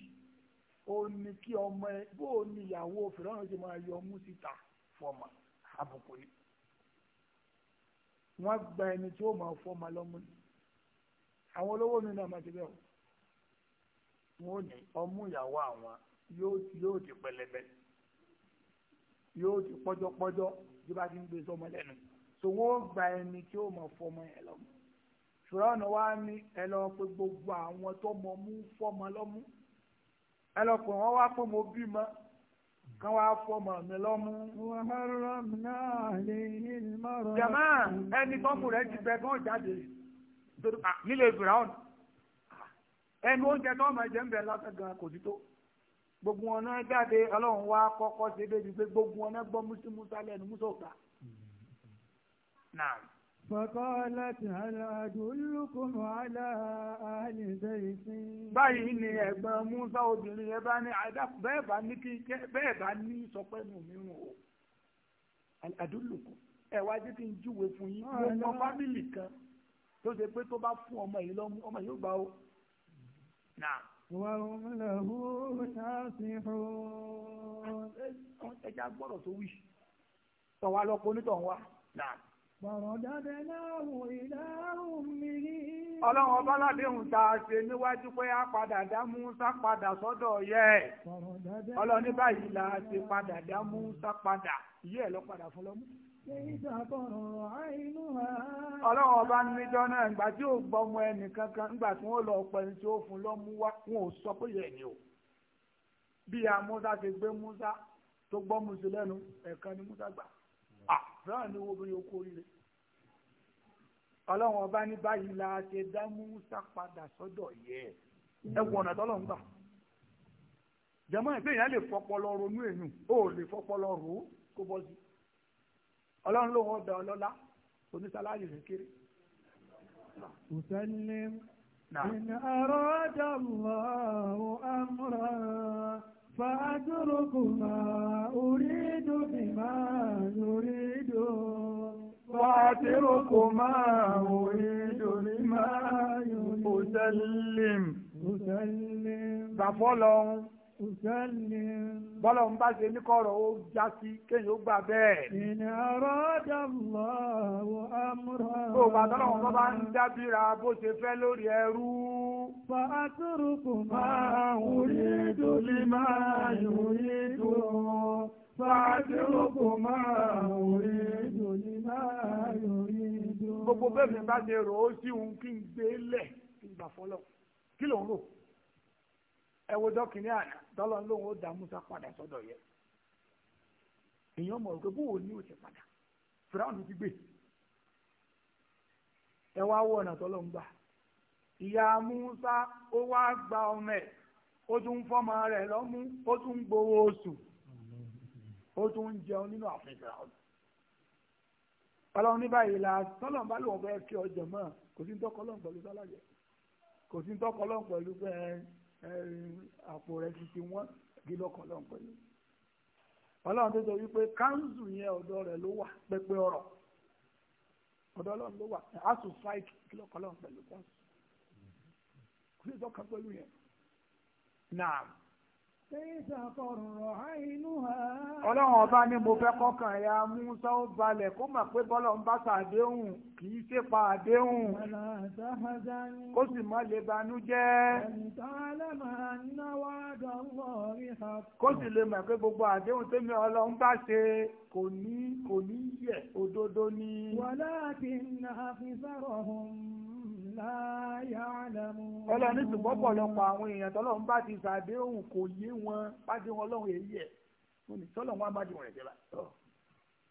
ó ní kí ọmọ ẹ bó o ní ìyàwó fìràwọn ṣe máa yọ ọmú síta fọmọ àbùkù ni wọ́n gba ẹni tí ó máa fọmọ lọ́mú ni àwọn olówó mi náà máa ti bẹ́ẹ̀ o wọn ò ní ọmú ìyàwó àwọn yóò ti pẹlẹbẹ yóò ti pọ́jọ́pọ́jọ́ bí bá ti ń gbé sọmọ lẹ́nu so wọ́n gba ẹni tí ó mọ̀ fọmọ yẹn lọ́mú ṣùgbọ́n wa ní ẹ lọ pé gbogbo àwọn tó mọ̀ mú fọmọ lọ́mú ẹ lọ pé wọ́n wá pé mo bímọ kan wá fọmọ mi lọ́mú. jama ẹni tọ́mù rẹ ti bẹ kán jáde nílé Brown, ẹnu oúnjẹ tó ọmọ ẹ̀jẹ̀ ń bẹ lásán gan kò sí tó gbogbo ọ̀nà jáde ọlọ́run wá kọ́kọ́ ṣe débi pé gbogbo ọ̀nà gbọ́ mùsùlùmí sálẹ̀ ẹnu mùsùlùmí نعم فقالت هل أدلكم على أهل بيت báyìí ni ẹ̀gbọ́n Musa obìnrin yẹn bá ní àdàkù bẹ́ẹ̀ bá ní kí bẹ́ẹ̀ bá ní sọpẹ́nu mìíràn o àdúlùkùn ẹ wá jẹ́ kí n júwe fún yín mo mọ fámìlì kan tó ṣe pé tó bá fún ọmọ yìí lọ́mú ọmọ yìí ó gbà ó. wàhùn lẹ́hu ṣàṣìhùn. ẹja gbọ́dọ̀ tó wí tọ̀wá lọ́pọ̀ onítọ̀ ń wá. Ọlọ́run ọba ládéhùn ta ṣe níwájú pé a padà dá Músá sọ́dọ̀ yẹ. Ọlọ́run ní báyìí la ṣe padà dá Músá padà. ẹ̀ lọ padà Ọlọ́run ọba níjọ́ náà ìgbà tí ò gbọ́mọ ẹnì kankan nígbà tí wọ́n lọ pẹ̀lú tí ó fún lọ́mú wá wọn ò sọ pé yẹ̀ ni o. Bí a Músá ṣe gbé Músá tó gbọ́ Mùsùlẹ́nu ẹ̀kan ni Músá gbà àbúrò ní obìnrin oko rire ọlọ́run ọba ní báyìí la ṣe dá Musa padà sọ́dọ̀ yẹ ẹ wọ ọ̀nà tọ́lọ̀ ń gbà jẹmọ́ ẹ̀ pé lè fọpọlọ ronú èèyàn ó lè fọpọlọ rò ó kó bọ́ sí ọlọ́run ló wọ́n bẹ ọlọ́lá oníṣàlàyé rẹ̀ kéré. Mùsùlùmí, ìnà àrọ́jà lọ́wọ́ àmúra. فأتركما أريد بما يريد فأتركما أريد بما يريد أسلم أسلم gbàfọ́lọ́hún bọ́lá ń bá ṣe níkọ̀rọ̀ ó já sí kéyìn ó gbà bẹ́ẹ̀. ìní ọ̀rọ̀ dàbọ̀ àwọn amúra. bó o bá tọ́lọ̀ wọn bá ń dábìra bó ṣe fẹ́ lórí ẹrú. fa atúrùkù máa ń wòye dòlí máa ń wòye dò. fa atúrùkù máa ń wòye dòlí máa ń wòye dò. gbogbo bẹ́ẹ̀ mi bá ṣe rò ó sí òun kí n gbé lẹ̀ kí n gbà fọlọ́ kí ló ń rò. ẹwọjọ kìnìún àná tọlọ lóun ó dá musa padà sọ́dọ̀ yẹ èèyàn mọ̀ pé bóun padà fúráùn ti gbé ẹ wá wọ ọ̀nà ń gbà musa ó gba ọmọ ẹ̀ ó tún fọmọ lọmụ lọ́mú ó tún gbowó oṣù ó tún jẹun nínú àfin la tọ́lọ̀ bá fẹ́ kí ọjọ́ mọ́ kò sí ń tọ́kọ́ lọ́n pẹ̀lú yẹ kò àpò rẹ̀ ti ti wọ́n gé lọ́kàn pẹ̀lú ọlọ́run tó sọ wípé káńsù yẹn rẹ̀ ló wà pẹpẹ ọ̀rọ̀ ọ̀dọ̀ ọlọ́run ló wà asu strike pẹ̀lú káńsù kò sí ìtọ́ka ọlọ́run ọba ní mo fẹ́ kọ́kàn ẹ̀yà múnsá ó balẹ̀ kó mà pé bọ́lọ̀ ń bá sàdéhùn kì í ṣe pa àdéhùn kó sì má lè banújẹ́ kó sì lè mọ̀ pé gbogbo àdéhùn tẹ́mi ọlọ́run bá ṣe kò ní kò ní yẹ̀ òdodo ni. wàlá kí n náà fi sọ̀rọ̀ hùn ọlọ́run ní ṣùgbọ́n pọ̀lọpọ̀ àwọn èèyàn tọ́lọ́run bá ti ṣàdéhùn kò yé wọn pàdé wọn lọ́run èyí ẹ̀ wọn ni wọn bá di wọn rẹ̀ jẹ́ra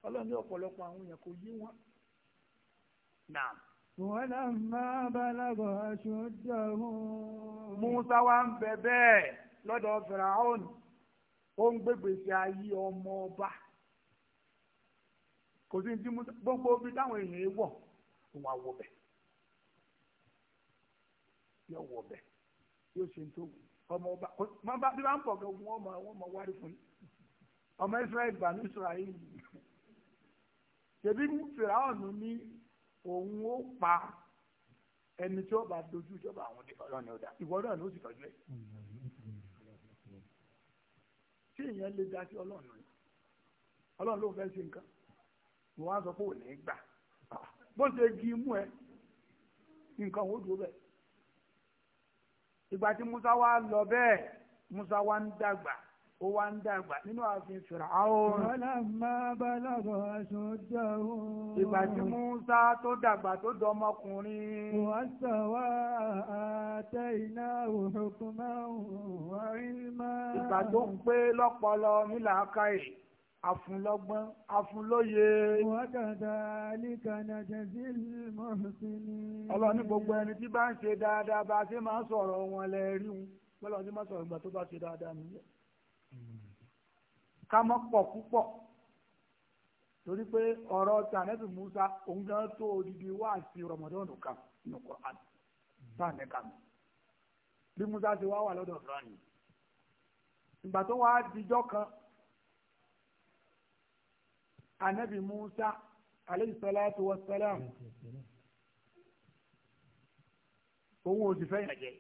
ọlọ́run ní ọ̀pọ̀lọpọ̀ àwọn èèyàn kò yé wọn. wọ́lọ́mà balagọ̀ aṣọ́jọ́hún. Musa wa ń bẹ bẹ́ẹ̀ lọ́dọ̀ Firaun ó ń gbégbèsè ayé ọmọ ọba kò sí ní tí gbogbo ibi táwọn èèyàn wọ̀ òun àwọ̀ bẹ́ẹ̀ yóò wọ bẹ yóò ṣe tó ọmọ ọba ọba bí wọn pọ̀ kẹ wọn ma wọn ma wárí fún yìí ọmọ israẹli bàánú israẹli ṣèbí fìràwọnù ní òun ó pa ẹni tí ọba dojú ìjọba àwọn ọlọ́ni ọ̀dà ìwọ náà ló sì tọ́jú ẹ̀ tí èèyàn lè dá sí ọlọ́run rẹ̀ ọlọ́run ló fẹ́ ṣe nǹkan mo wá sọ pé ò ní gbà bó ṣe gi imú ẹ nǹkan ò dúró bẹ́ẹ̀ ìgbà tí musa wá lọ bẹ́ẹ̀ musa wá ń dàgbà ó wá ń dàgbà nínú ààfin fìràhún. wọ́lá máa bálàbọ̀ aṣọ́jà òun. ìgbà tí Musa tó dàgbà tó dọmọkùnrin. wọ́n sọ wá àtẹ iná òhùnkùn máa ń wá rí máa. ìgbà tó ń pé lọ́pọlọ nílàákàyè afunlọ́gbọ́n afunlóye. wákàtà alíkànnà jẹ́síl mọ́sílì. ọlọ́ni gbogbo ẹni tí bá ń ṣe dáadáa bá a ṣe máa ń sọ̀rọ̀ wọn lẹ rí wọn bọ́lá ọdún máa sọ̀rọ̀ ìgbà tó bá ṣe dáadáa nìyẹn. ká mọ́ pọ̀ púpọ̀ torí pé ọ̀rọ̀ tànẹ́tì Musa òun gan tó odidi wá sí rọmọdọ́nù kan nínú Quran kan bí Musa ṣe wá wà lọ́dọ̀ fúlàní ìgbà tó wá dijọ́ kan anabi musa aleyhi salatu wa salam òun ò sì fẹ́ yàn jẹ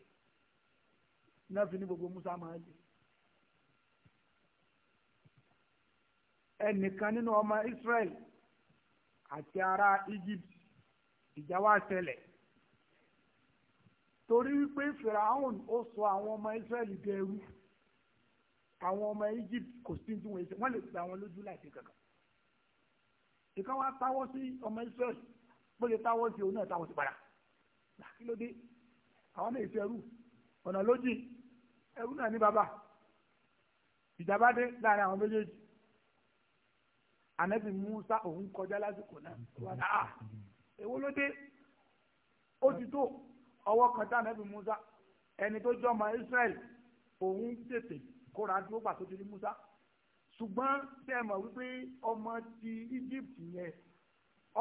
náà fi ní gbogbo musa máa jẹ ẹnìkan nínú ọmọ israel àti ará egypt ìjà wá ṣẹlẹ̀ torí wípé firaun ó sọ àwọn ọmọ israel dẹrú àwọn ọmọ egypt kò sí tí wọn ṣe wọn lè gba àwọn lójú láti kankan ìkan wá táwọ́ sí ọmọ Israẹli bó ṣe táwọ́ sí òun náà táwọ́ sí padà kí ló dé àwọn náà ìfẹ́ ẹrú ọ̀nà lójì ẹrú náà ní bàbá ìjàmbá dé láàrin àwọn méjèèjì anabi Musa òun kọjá lásìkò náà wọn náà èwo ló dé ó ti tó ọwọ́ kan tá Musa ẹni tó jọmọ Israẹli òun tètè kóra dúró gbà ti rí Musa ṣùgbọ́n tẹ́ ẹ mọ̀ wípé ọmọ ti Egypt yẹn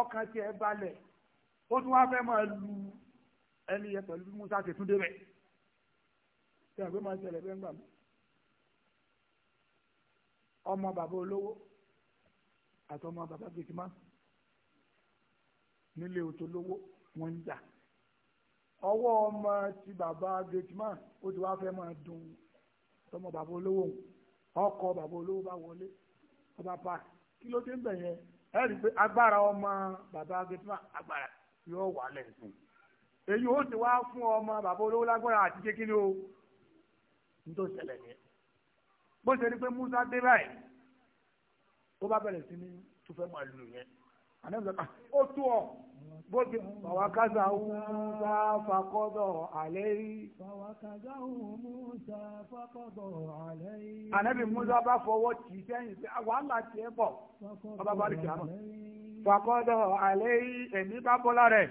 ọkàn tí ẹ balẹ̀ ó tún wáá fẹ́ máa lu ẹni yẹn pẹ̀lú Musa tètúndé rẹ̀ tẹ́ ẹ pé máa ṣẹlẹ̀ fẹ́ ń gbà mí ọmọ bàbá olówó àtọmọ bàbá gbèsìmá nílé òtò lówó wọn ń jà ọwọ́ ọmọ ti bàbá gbèsìmá ó ti wáá fẹ́ máa dùn tọmọ bàbá olówó òun ọkọ̀ bàbá olówó bá wọlé ọba park kí ló dé ń bẹ̀ yẹn ẹ rí i pé agbára ọmọ bàbá gẹ̀tìmá agbára yóò wà lẹ́sìn èyí ó sì wá fún ọmọ bàbá olówó lágbára àti kékeré o nítorí ṣẹlẹ̀ yẹn bó ṣe rí pé Musa dé báyìí ó bá bẹ̀rẹ̀ sí ní tufẹ́ màlúù yẹn ànábìsọ̀ká ah, ó tó ọ bóbi fàwákàzà Musa fàkọ́dọ̀ àlẹ́ rí. fàwákàzà Musa fàkọ́dọ̀ àlẹ́ rí. ànábì Musa bá fọwọ́ tì í sẹ́yìn sí ah, wàhálà tiẹ̀ bọ̀ ọba bá rí kìlámà fàkọ́dọ̀ àlẹ́ yìí ẹ̀mí bá bọ́lá rẹ̀.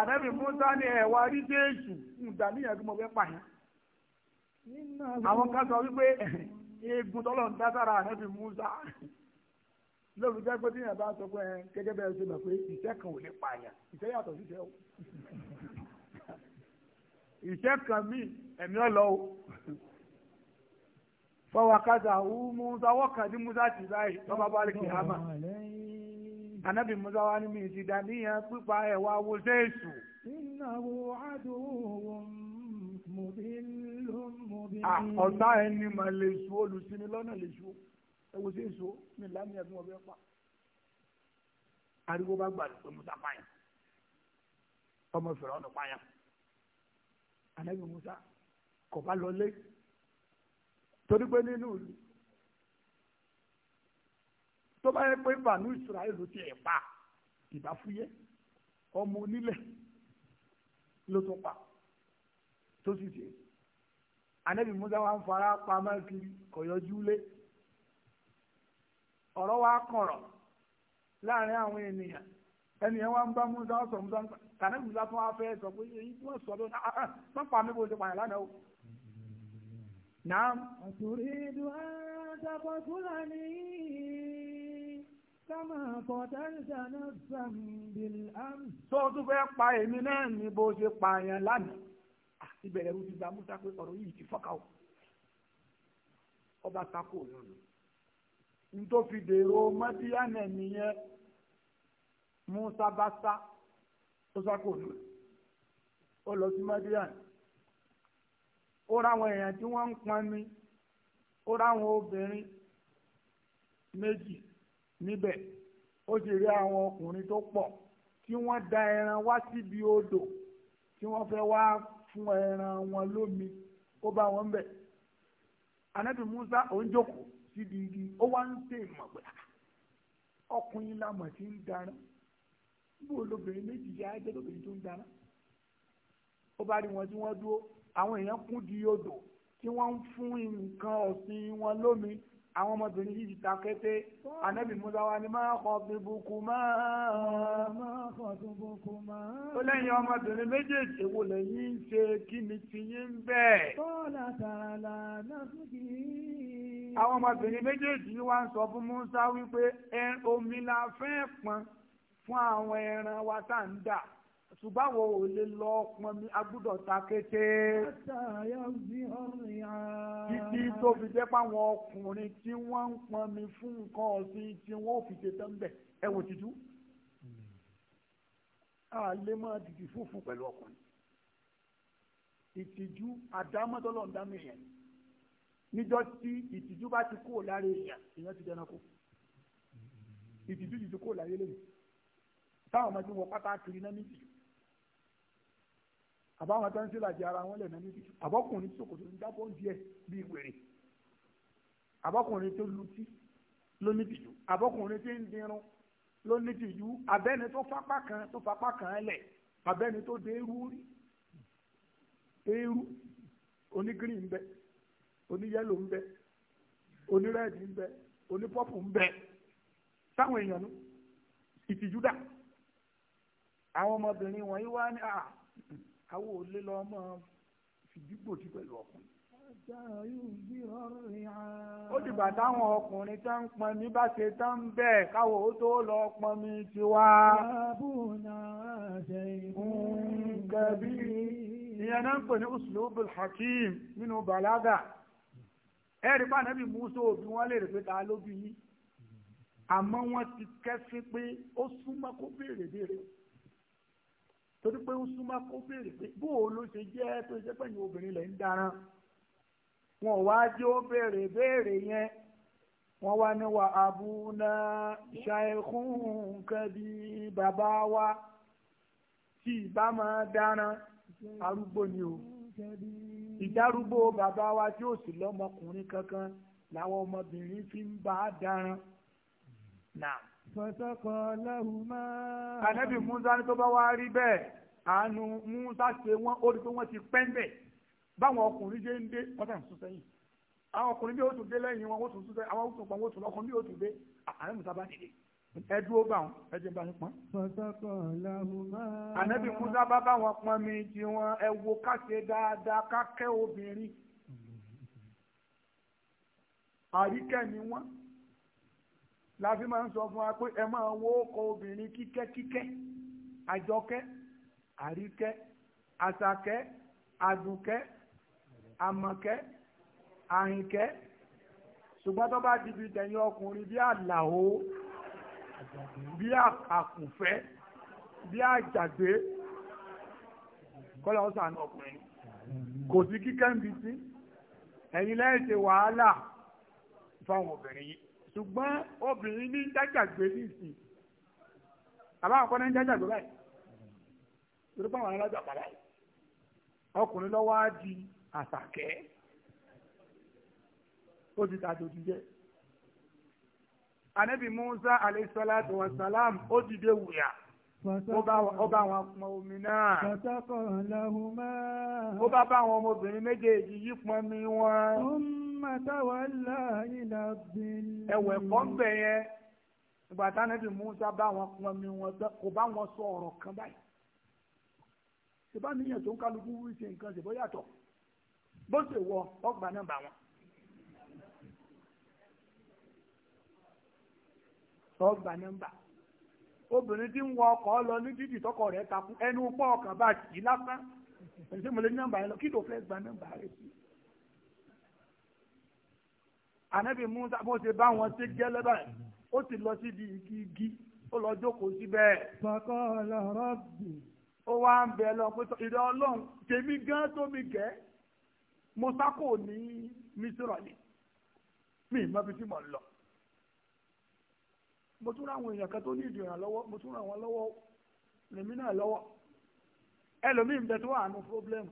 Ànábì Musa ni ẹ̀wà rí déèjù ń dà níyànjú mo fẹ́ pààyàn. Àwọn kan sọ wípé eegun tọ́lọ̀ ń dátara ànábì Musa lórí jẹ́ pé tíyẹn bá sọ pé ẹ gẹ́gẹ́ bẹ́ẹ̀ ṣe mọ̀ pé ìṣẹ́ kan ò lè pààyàn ìṣẹ́ yàtọ̀ síṣẹ́ o ìṣẹ́ kan míì ẹ̀mí ọ̀lọ́ o fọwọ́ kásá wú Musa wọ́kàn tí Musa ti báyìí lọ́ba bá lè kì í hámà ànábì Musa wa ni mi ti dà níyàn pípa ẹ̀wà wo ṣéèṣù. ìnáwó àdúgbò mòbílì. Ah, ọ̀tá ẹni mà lè so olùsinmi lọ́nà lè so ẹwọ sí èso ní ìlànà ẹ̀fún ọbẹ̀ pa ariwo bá gbàdúrà pé musa pààyàn ọmọ fèrè ọ̀nà pààyàn anabi musa kò bá lọlé torí pé nínú ìlú tó bá yẹ pé bànú israẹl ló ti ẹ̀ pa ìbá fúyẹ́ ọmọ onílẹ̀ ló tún pa tó sì ṣe é anabi musa wa ń fara pamọ́ kiri kọ̀yọ́jú lé ọ̀rọ̀ wa kọ̀rọ̀ láàrin àwọn ènìyàn ẹni ẹ wá ń bá musa sọ musa ń tànà musa tó wá fẹ́ sọ pé èyí tí wọ́n sọ ló náà ah, ah mí bó ṣe pààyàn lánàá o. naam. àtúrí ìlú àtàkọ́ fúlàní sámà pọ̀tẹ́lìtà náà sàmì àmì. tó o tún fẹ́ pa èmi náà ni bó ṣe pààyàn lánàá. ìbẹ̀rẹ̀ ẹ̀rù ti gba musa pé ọ̀rọ̀ yìí ti fọ́kà o ọba tako lọ́nà dèrò nìyẹn musa ó sáko lọ́nà ó lọ sí mọ́tíyánẹ̀ ó ráwọn èèyàn tí wọ́n ń ó ráwọn obìnrin méjì níbẹ̀ ó sì rí da ẹran wá síbi odò tí wọ́n fẹ́ Wa fún ẹran wọn lómi ó bá wọn bẹ̀ anabi musa òun jókòó síbi igi ó wá ń tè ah, mọ̀ pé ọkùnrin lamọ̀ tí ń dáná bó lóbìnrin méjì yá jẹ́ lóbìnrin tó ń dáná ó bá rí wọn tí wọ́n dúró àwọn èèyàn kún di odò tí wọ́n ń fún nǹkan ọ̀sìn wọn lómi àwọn ọmọbìnrin yìí ta kété anábì Musa wa ni máa kọ bíbukú máa ó lẹ́yìn ọmọbìnrin méjèèjì èwo lẹ́yìn ń ṣe kí ni ti yín bẹ́ẹ̀. àwọn ọmọbìnrin méjèèjì wá ń sọ fún Musa wípé omi la fẹ́ pọn fún àwọn ẹran wa tá ń dà ṣùgbọ́n àwọn ò lè lọ pọn mi agbúdọ̀ ta kété. títí tó fi jẹ́ páwọn ọkùnrin tí wọ́n ń pọn mi fún nǹkan ọ̀sìn tí wọ́n ò fi ṣe tán bẹ̀ ẹ wò títú. a lè máa dìdì fúnfún pẹ̀lú ọkùnrin. ìtìjú àdámọ́tọ́lọ́ ń dá mi yẹn. níjọ́ tí ìtìjú bá ti kúrò lára èèyàn èèyàn ti dẹnako. ìtìjú ti ti kúrò láyé lẹ́yìn. táwọn ọmọ ẹgbẹ́ wọn pátá kiri náà níbi àbáwọn tó ń ṣe làjẹ ara wọn lẹ́nu níbi àbọ́kùnrin ṣòkòtò ń dábọ́ díẹ̀ bíi wèrè àbọ́kùnrin tó lutí ló ní tìjú àbọ́kùnrin tó ń dirun ló ní tìjú abẹ́ni tó fapá kan tó fapá kan lẹ̀ abẹ́ni tó dé eru rí eru onígírì ń bẹ oníyẹ́lò ń bẹ onírẹ́ẹ̀dì ń bẹ onípọ́pù ń bẹ táwọn èèyàn nù ìtìjú dà àwọn ọmọbìnrin wọ̀nyí wá ní à. Ah, àwọn òlé lọ ọmọ fìdígbòtì pẹ̀lú ọkùnrin. ó dìgbà táwọn ọkùnrin tó ń pọn mi bá ṣe tán bẹ́ẹ̀ káwọ́ ó tó lọ pọn mi tiwa. àbúnà àṣẹ ìfún kẹbí. ìyẹn náà ń pè ní uslubul hakim nínú balaga ẹ̀rí pa nàbì musa òbí wọn lè rè pé ta ló bí yín àmọ́ wọ́n ti kẹ́sí pé ó súnmọ́ kó béèrè béèrè torí pé ó súnmọ́ kó béèrè pé bóò ló ṣe jẹ́ tó ṣe pẹ̀lú obìnrin lẹ̀ ń daran wọn wá jẹ́ ó béèrè béèrè yẹn wọ́n wá ní wa abúná ṣàìkún nǹkan bí bàbá wa tí ìbá máa dáran arúgbó ni o ìdárúgbó bàbá wa tí ó sì lọ́mọkùnrin kankan làwọn ọmọbìnrin fi ń bá a náà. Fọ̀tọ́kọ̀ lọ́hùnmá. Ànábì Musa ní tó bá wá rí bẹ́ẹ̀, àánú Musa ṣe wọ́n ó rí pé wọ́n ti pẹ́ńbẹ̀. Báwọn ọkùnrin ṣe ń dé, wọ́n tàn sún sẹ́yìn. Àwọn ọkùnrin bí ó tún dé lẹ́yìn wọn, ó tún sún sẹ́yìn. Àwọn ó tún pọn, ó tún lọ́kùnrin bí ó tún dé. Ànábì Musa bá dìde. Ẹ dúró bá wọn, ẹ jẹ́ bá yín pọn. Fọ̀tọ́kọ̀ lọ́hùnmá. Ànábì Musa bá bá wọn pọn mi jí wọn, ẹ wo ká dáadáa ká kẹ́ obìnrin. Àríkẹ́ ni wọ́n la fi máa ń sọ fún wa pé ẹ máa wo ọkọ obìnrin kíkẹ́kíkẹ́ àjọkẹ́ àríkẹ́ àṣàkẹ́ àdùkẹ́ àmọ̀kẹ́ àyìnkẹ́ ṣùgbọ́n tó bá dìbì tẹ̀yìn ọkùnrin bí àlàó bí àkùnfẹ́ bí àjàgbé kọ́lá ọ̀sán ọkùnrin kò sí kíkẹ́ ń bí sí ẹ̀yin lẹ́yìn ṣe wàhálà fáwọn obìnrin yìí ṣùgbọ́n obìnrin ní jájàgbé ní ìsìn àbáwọn kọ́ni ń jájàgbé báyìí torí pé àwọn alájà padà yìí ọkùnrin lọ́wọ́ á di àtàkẹ́ ó ti tàjò ti jẹ́ anabi musa alayhi salatu wa salam ó dìde wùyà ó bá wọn pọn omi náà. Fàtàkọ̀ làhùmá. Ó bá bá àwọn ọmọbìnrin méjèèjì yí pọn mi wọn. Ó máa táwa là ìlà bìnrin. Ẹ̀wẹ̀ Musa bá wọn pọn mi wọn kò bá wọn sọ ọ̀rọ̀ kan báyìí. Ṣèbá níyàn tó ń kálukú wí ṣe nǹkan ṣèbó yàtọ̀. Bó ṣe wọ ọgbà náà bá wọn. Ọgbà náà bá wọn obìnrin tí ń wọ ọkọ̀ lọ ní títì tọkọ rẹ̀ takú ẹnu pọ̀ ọkàn bá tì í lásán ẹni tí mo lè ní nọ́mbà yẹn lọ kí ló fẹ́ gba nọ́mbà rẹ̀ sí. ànábì musa bó ṣe bá wọn ṣe jẹ́ lẹ́bà ó ti lọ síbi igi igi ó lọ jókòó síbẹ̀. bàkọ́ ọ̀lọ́rọ̀ bì. ó wá ń bẹ lọ pé ìrẹ́ ọlọ́run tèmi gan tómi gẹ́ musa kò ní mísírọ̀ mi ì mọ ibi tí mo lọ. mo tún ra àwọn èèyàn kan tó ní ìdí ìrànlọ́wọ́ mo tún ra wọn lọ́wọ́ lèmi náà lọ́wọ́ ẹlòmíì ń bẹ tó wà nù fúróbílẹ́mù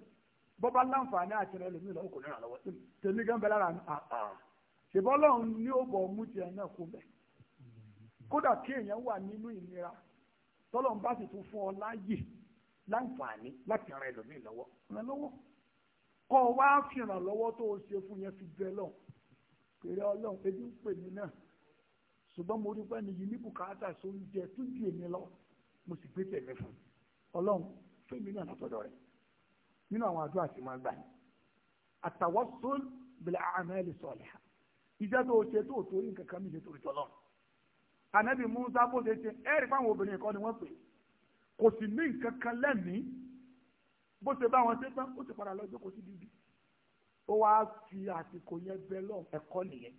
bọ́bá láǹfààní àti rẹ lèmi lọ́wọ́ kò ní ìrànlọ́wọ́ tèmi gan bẹ́ẹ̀ ah, ah. ṣèbọ́ lọ́run ní ó bọ̀ mú tiẹ̀ náà kú bẹ́ẹ̀ kódà kí èèyàn wà nínú ìnira bá sì tún fún ọ láàyè ran ẹlòmíì lọ́wọ́ kọ́ wá o ṣe fún yẹn fi ṣùgbọ́n mo rí fẹ́ni yìí ní bùkátà sórí jẹ tó ju èmi lọ mo sì gbé tẹ̀mí fún ọlọ́run fẹ́mi náà látọ̀dọ̀ rẹ̀ nínú àwọn àdúrà tí máa gbà ní. àtàwọ́sọ́l bìlẹ̀ àmẹ́lì sọ̀lẹ̀ iṣẹ́ tó ṣe tó torí nǹkan kan níṣe torí tọ́lọ́ ànábì musa bó ṣe ṣe ẹ̀rí fáwọn obìnrin kan ni wọ́n pè kò sì ní nǹkan kan lẹ́mìí bó ṣe bá wọn ṣe tán ó ti padà lọ́jọ́ kó sí bíbí ó wáá fi àsìkò yẹn bẹ́ lọ ẹ̀kọ́ nìyẹn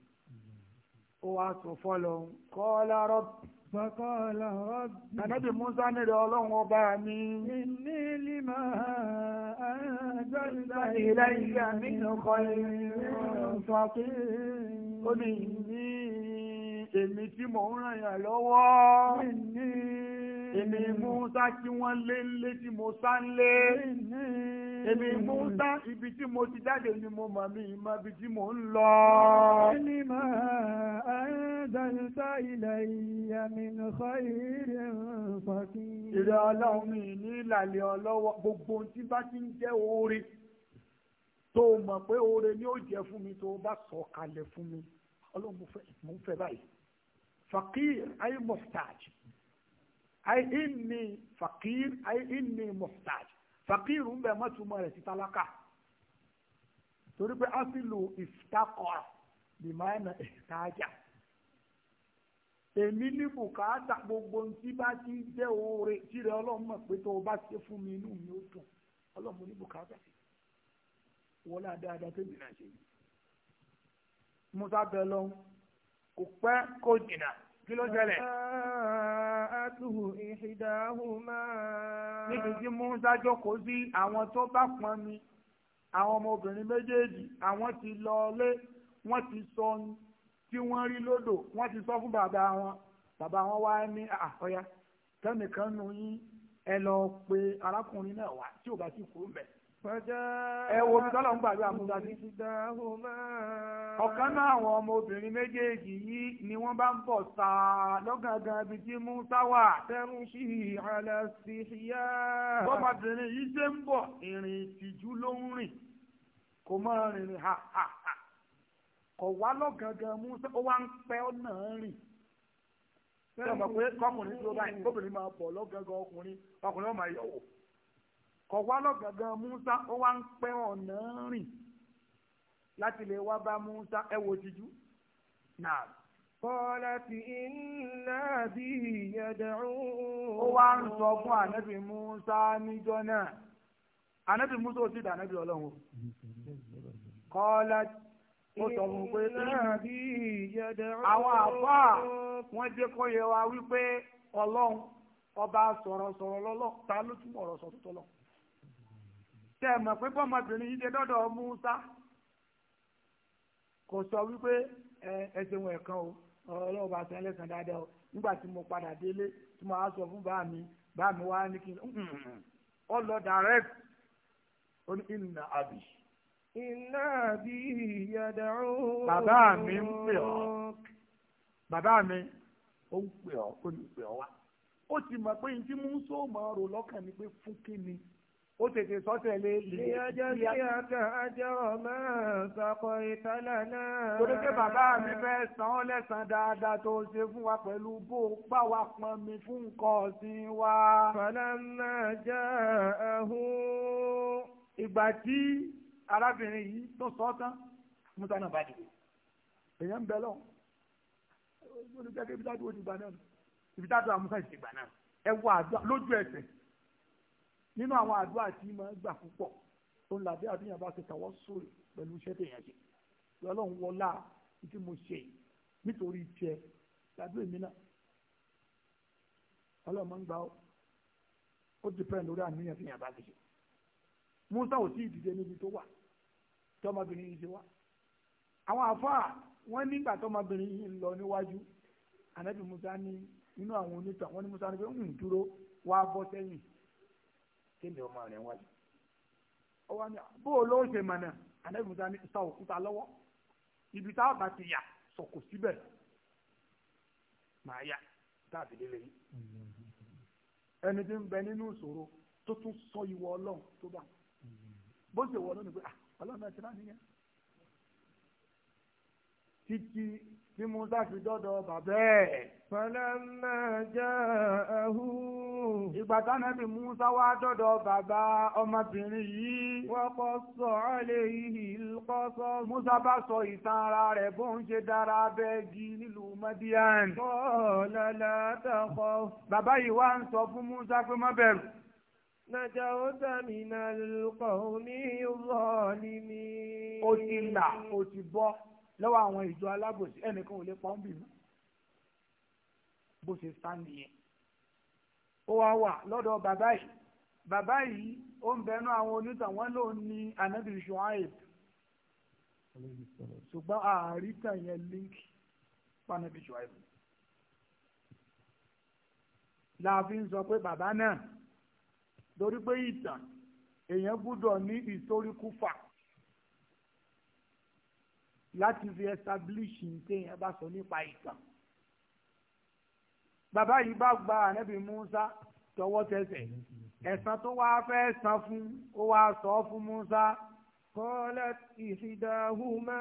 ó wá sọ fọ́lọ́ kọ́lá rọ́bì. Fọ́kọ́lá rọ́bì. Ànábì Musa nílẹ̀ ọlọ́run ọba mi. Inni lima anzalta ilayya min khairin faqir. Ó ní ìní Èmi Múta kí wọ́n lé lé tí mo sá ń lé. Èmi Múta ibi tí mo ti jáde ni mo mọ̀ mi ìmọ̀ ibi tí mo ń lọ. Ẹni máa ń dájútá ilẹ̀ ìyàmì nìkọ́ ìrírí ìfọ̀kí. Ìrẹ̀ ọlọ́run mi ní ìlàlẹ̀ ọlọ́wọ́ gbogbo tí bá ti ń jẹ́ oore tó mọ̀ pé oore ni ó jẹ́ fún mi tó bá sọ kalẹ̀ fún mi. Ọlọ́run mo fẹ́ báyìí. Fakir ayé mọ̀sítáàjì. i inni fakir ayi inni muhtaj fakir ń bẹ mọ́túmọ́ rẹ̀ sí tálákà torí pé asilu ìtajà èmi ní bùkátà gbogbo tí bá ti jẹ́ oore tí rẹ ọlọ́run mọ̀ pé tó o bá ṣe fún mi inú mi ó dùn ní bùkátà musa bẹ lọ kò kí ló ṣẹlẹ̀. àtúhù ìhìdáhùmá. níbi tí Musa jókòó sí àwọn tó bá pọn mi àwọn ọmọbìnrin méjèèjì àwọn ti lọ ọlé wọ́n ti sọ tí wọ́n rí lódò wọ́n ti sọ fún bàbá wọn bàbá wọn wá ní àkọyá kẹ́nìkan nù yín ẹ lọ pe arákùnrin náà wá tí ò bá sì kúrò bẹ́ẹ̀ ẹ wo bí tọ́lọ̀ ń gbàdúrà Musa ọ̀kan náà àwọn ọmọbìnrin méjèèjì yìí ni wọ́n bá ń bọ̀ sáà lọ́gàgàn ibi tí Musa wà. tẹ́rùsì àlàsìyá. bọ́mọbìnrin yìí ṣe ń bọ̀ ìrìn ìtìjú ló ń rìn kò mọ rìnrìn ha ha ha kò wá lọ́gàgàn Musa ó wá ń pẹ́ ọ̀nà rìn sọ́dọ̀ pé kọkùnrin tó báyìí kóbìnrin máa bọ̀ lọ́gàgàn ọkùnrin ọkùnrin ó máa wò kọ̀ wá lọ́gàngàn Musa ó wá ń pẹ́ ọ̀nà rìn láti lè wá bá Musa ẹ wo tijú náà. قالت إنا بي يدعون ó wá ń sọ fún ànábì Musa níjọ́ náà ànábì Musa ò sì dà ànábì Ọlọ́run قالت ó sọ fún pé àwọn àbá wọn jẹ́ kó yé wa wípé Ọlọ́run ọba sọ̀rọ̀sọ̀rọ̀ lọ́lọ́ ta ló túmọ̀ ọ̀rọ̀ sọ̀tọ̀ lọ́wọ́. tẹ́ ẹ pé bọ́mọbìnrin yìí dé Musa kò sọ wípé ẹsẹ̀ wọn ẹ̀kan o ọlọ́run bá sọ ẹlẹ́sàn dáadáa o nígbà tí mo padà délé tí mo á sọ fún bá mi bá mi wá ní kí n ọ mm, mm, mm. lọ direct ó ní ìnà àbí. iná bí yàrá òun. bàbá mi ń pè ọ́ bàbá mi ó ń pè ọ́ ó pè ọ́ wá ó ti mọ̀ pé ní tí rò ó tètè sọ tẹ̀lé lè yájọ́ sí àjọ àjọ máa sọkọ ìtọ́lá náà. torí pé bàbá mi fẹ́ san ọ́ lẹ́sàn-án dáadáa tó ṣe fún wa pẹ̀lú bó bá wa pọn mi fún nǹkan ọ̀sìn wa. fọlọ́mọ jẹ́ ẹ̀hún. ìgbà tí arábìnrin yìí tó sọ tán musa náà bá dìde èèyàn ń bẹ lọ olùjẹ́kẹ́ ibi tá a ti gbà náà ibi tá a dúró náà ẹ lójú ẹsẹ̀ nínú àwọn àdúrà tí mo gbà púpọ̀ tó ń làbẹ́ àdúyàn bá ti tàwọ́ sórí pẹ̀lú iṣẹ́ tèèyàn ṣe lọ́lọ́run wọlá tí mo ṣe nítorí tiẹ̀ ládùn èmi náà ọlọ́run máa ń gbà ó ó dìpẹ́ǹd lórí àníyàn tèèyàn bá ti ṣe musa ò sí ìdíje níbi tó wà tí ọmọbìnrin yìí ṣe wá àwọn àfáà wọn nígbà tí ọmọbìnrin yìí lọ níwájú ànábì musa ní inú àwọn onítọ̀ wọn ní musa ní pé ń dúró wá bọ́ sẹ́yìn kémi ọmọ rẹ̀ wáyé ó ni ní bó o ló ń ṣe mọ̀nà àdébùtà òkúta ibi táwọn bá ti yà sọ̀kò síbẹ̀ màá yà táàbí lé lẹ́yìn ẹni tí ń bẹ nínú ìṣòro tó tún sọ ìwọ ọlọ́run tó bá bó ṣe wọ pé ah, ti nìyẹn títí tí Musa fi dọ́dọ̀ bàbá ẹ̀. Fọlọ́mọ jẹ́ ẹ̀hú. Ìgbà tánàbí Musa wá dọ́dọ̀ bàbá ọmọbìnrin yìí. Wọ́n kọ́ sọ ọ́lẹ̀ yìí lọ́kọ́ sọ. Musa bá sọ ìtàn ara rẹ̀ bó ń ṣe dára abẹ́ gi nílùú Madian. Bọ́ọ̀lá látàkọ́. Bàbá yìí wá ń sọ fún Musa pé má bẹ̀rù. نجوت من القوم الظالمين. قتل قتل lọ́wọ́ àwọn ìjọ alábòsí ẹnìkan ò lè pa ọ́n bì mọ́ bó ṣe sá nìyẹn ó wá wà lọ́dọ̀ bàbá yìí bàbá yìí ó ń bẹnu àwọn onítàn wọn lòun ní anabi shuaib ṣùgbọ́n àárítà yẹn líǹkì panabi shuaib láàfin sọ pé bàbá náà torí pé ìtàn èèyàn gbúdọ̀ ní historical fact láti fi establish téèyàn bá sọ nípa ìtàn bàbá yìí bá gba ànábì Musa tọwọ́ tẹsẹ̀ ẹ̀san tó wá fẹ́ san fún ó wá sọ fún Musa. kọ́lẹ̀ ìfidàhùmá.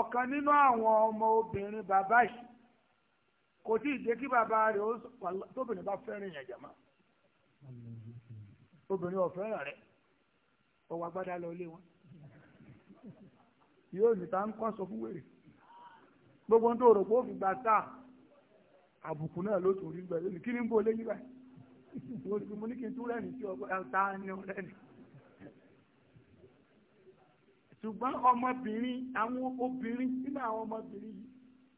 ọ̀kan nínú àwọn ọmọ obìnrin bàbá yìí kò tí ì jẹ́ kí bàbá rẹ̀ ó tóbìnrin bá fẹ́ràn yẹn jàmá obìnrin ọ̀fẹ́ràn rẹ̀ ọwọ́ agbádá lọ ilé wọn yóò ní ta ń kọ́ sọ fún wèrè gbogbo ń tó rò pé ó fi gba sáà àbùkù náà ló tún rí gbà lónìí kí ni ń bó lé yíwá mo ti mo ní kí n tún rẹ́ni tí ọgbọ́n ta ni ọ rẹ́ni. ṣùgbọ́n ọmọbìnrin àwọn obìnrin nínú àwọn ọmọbìnrin yìí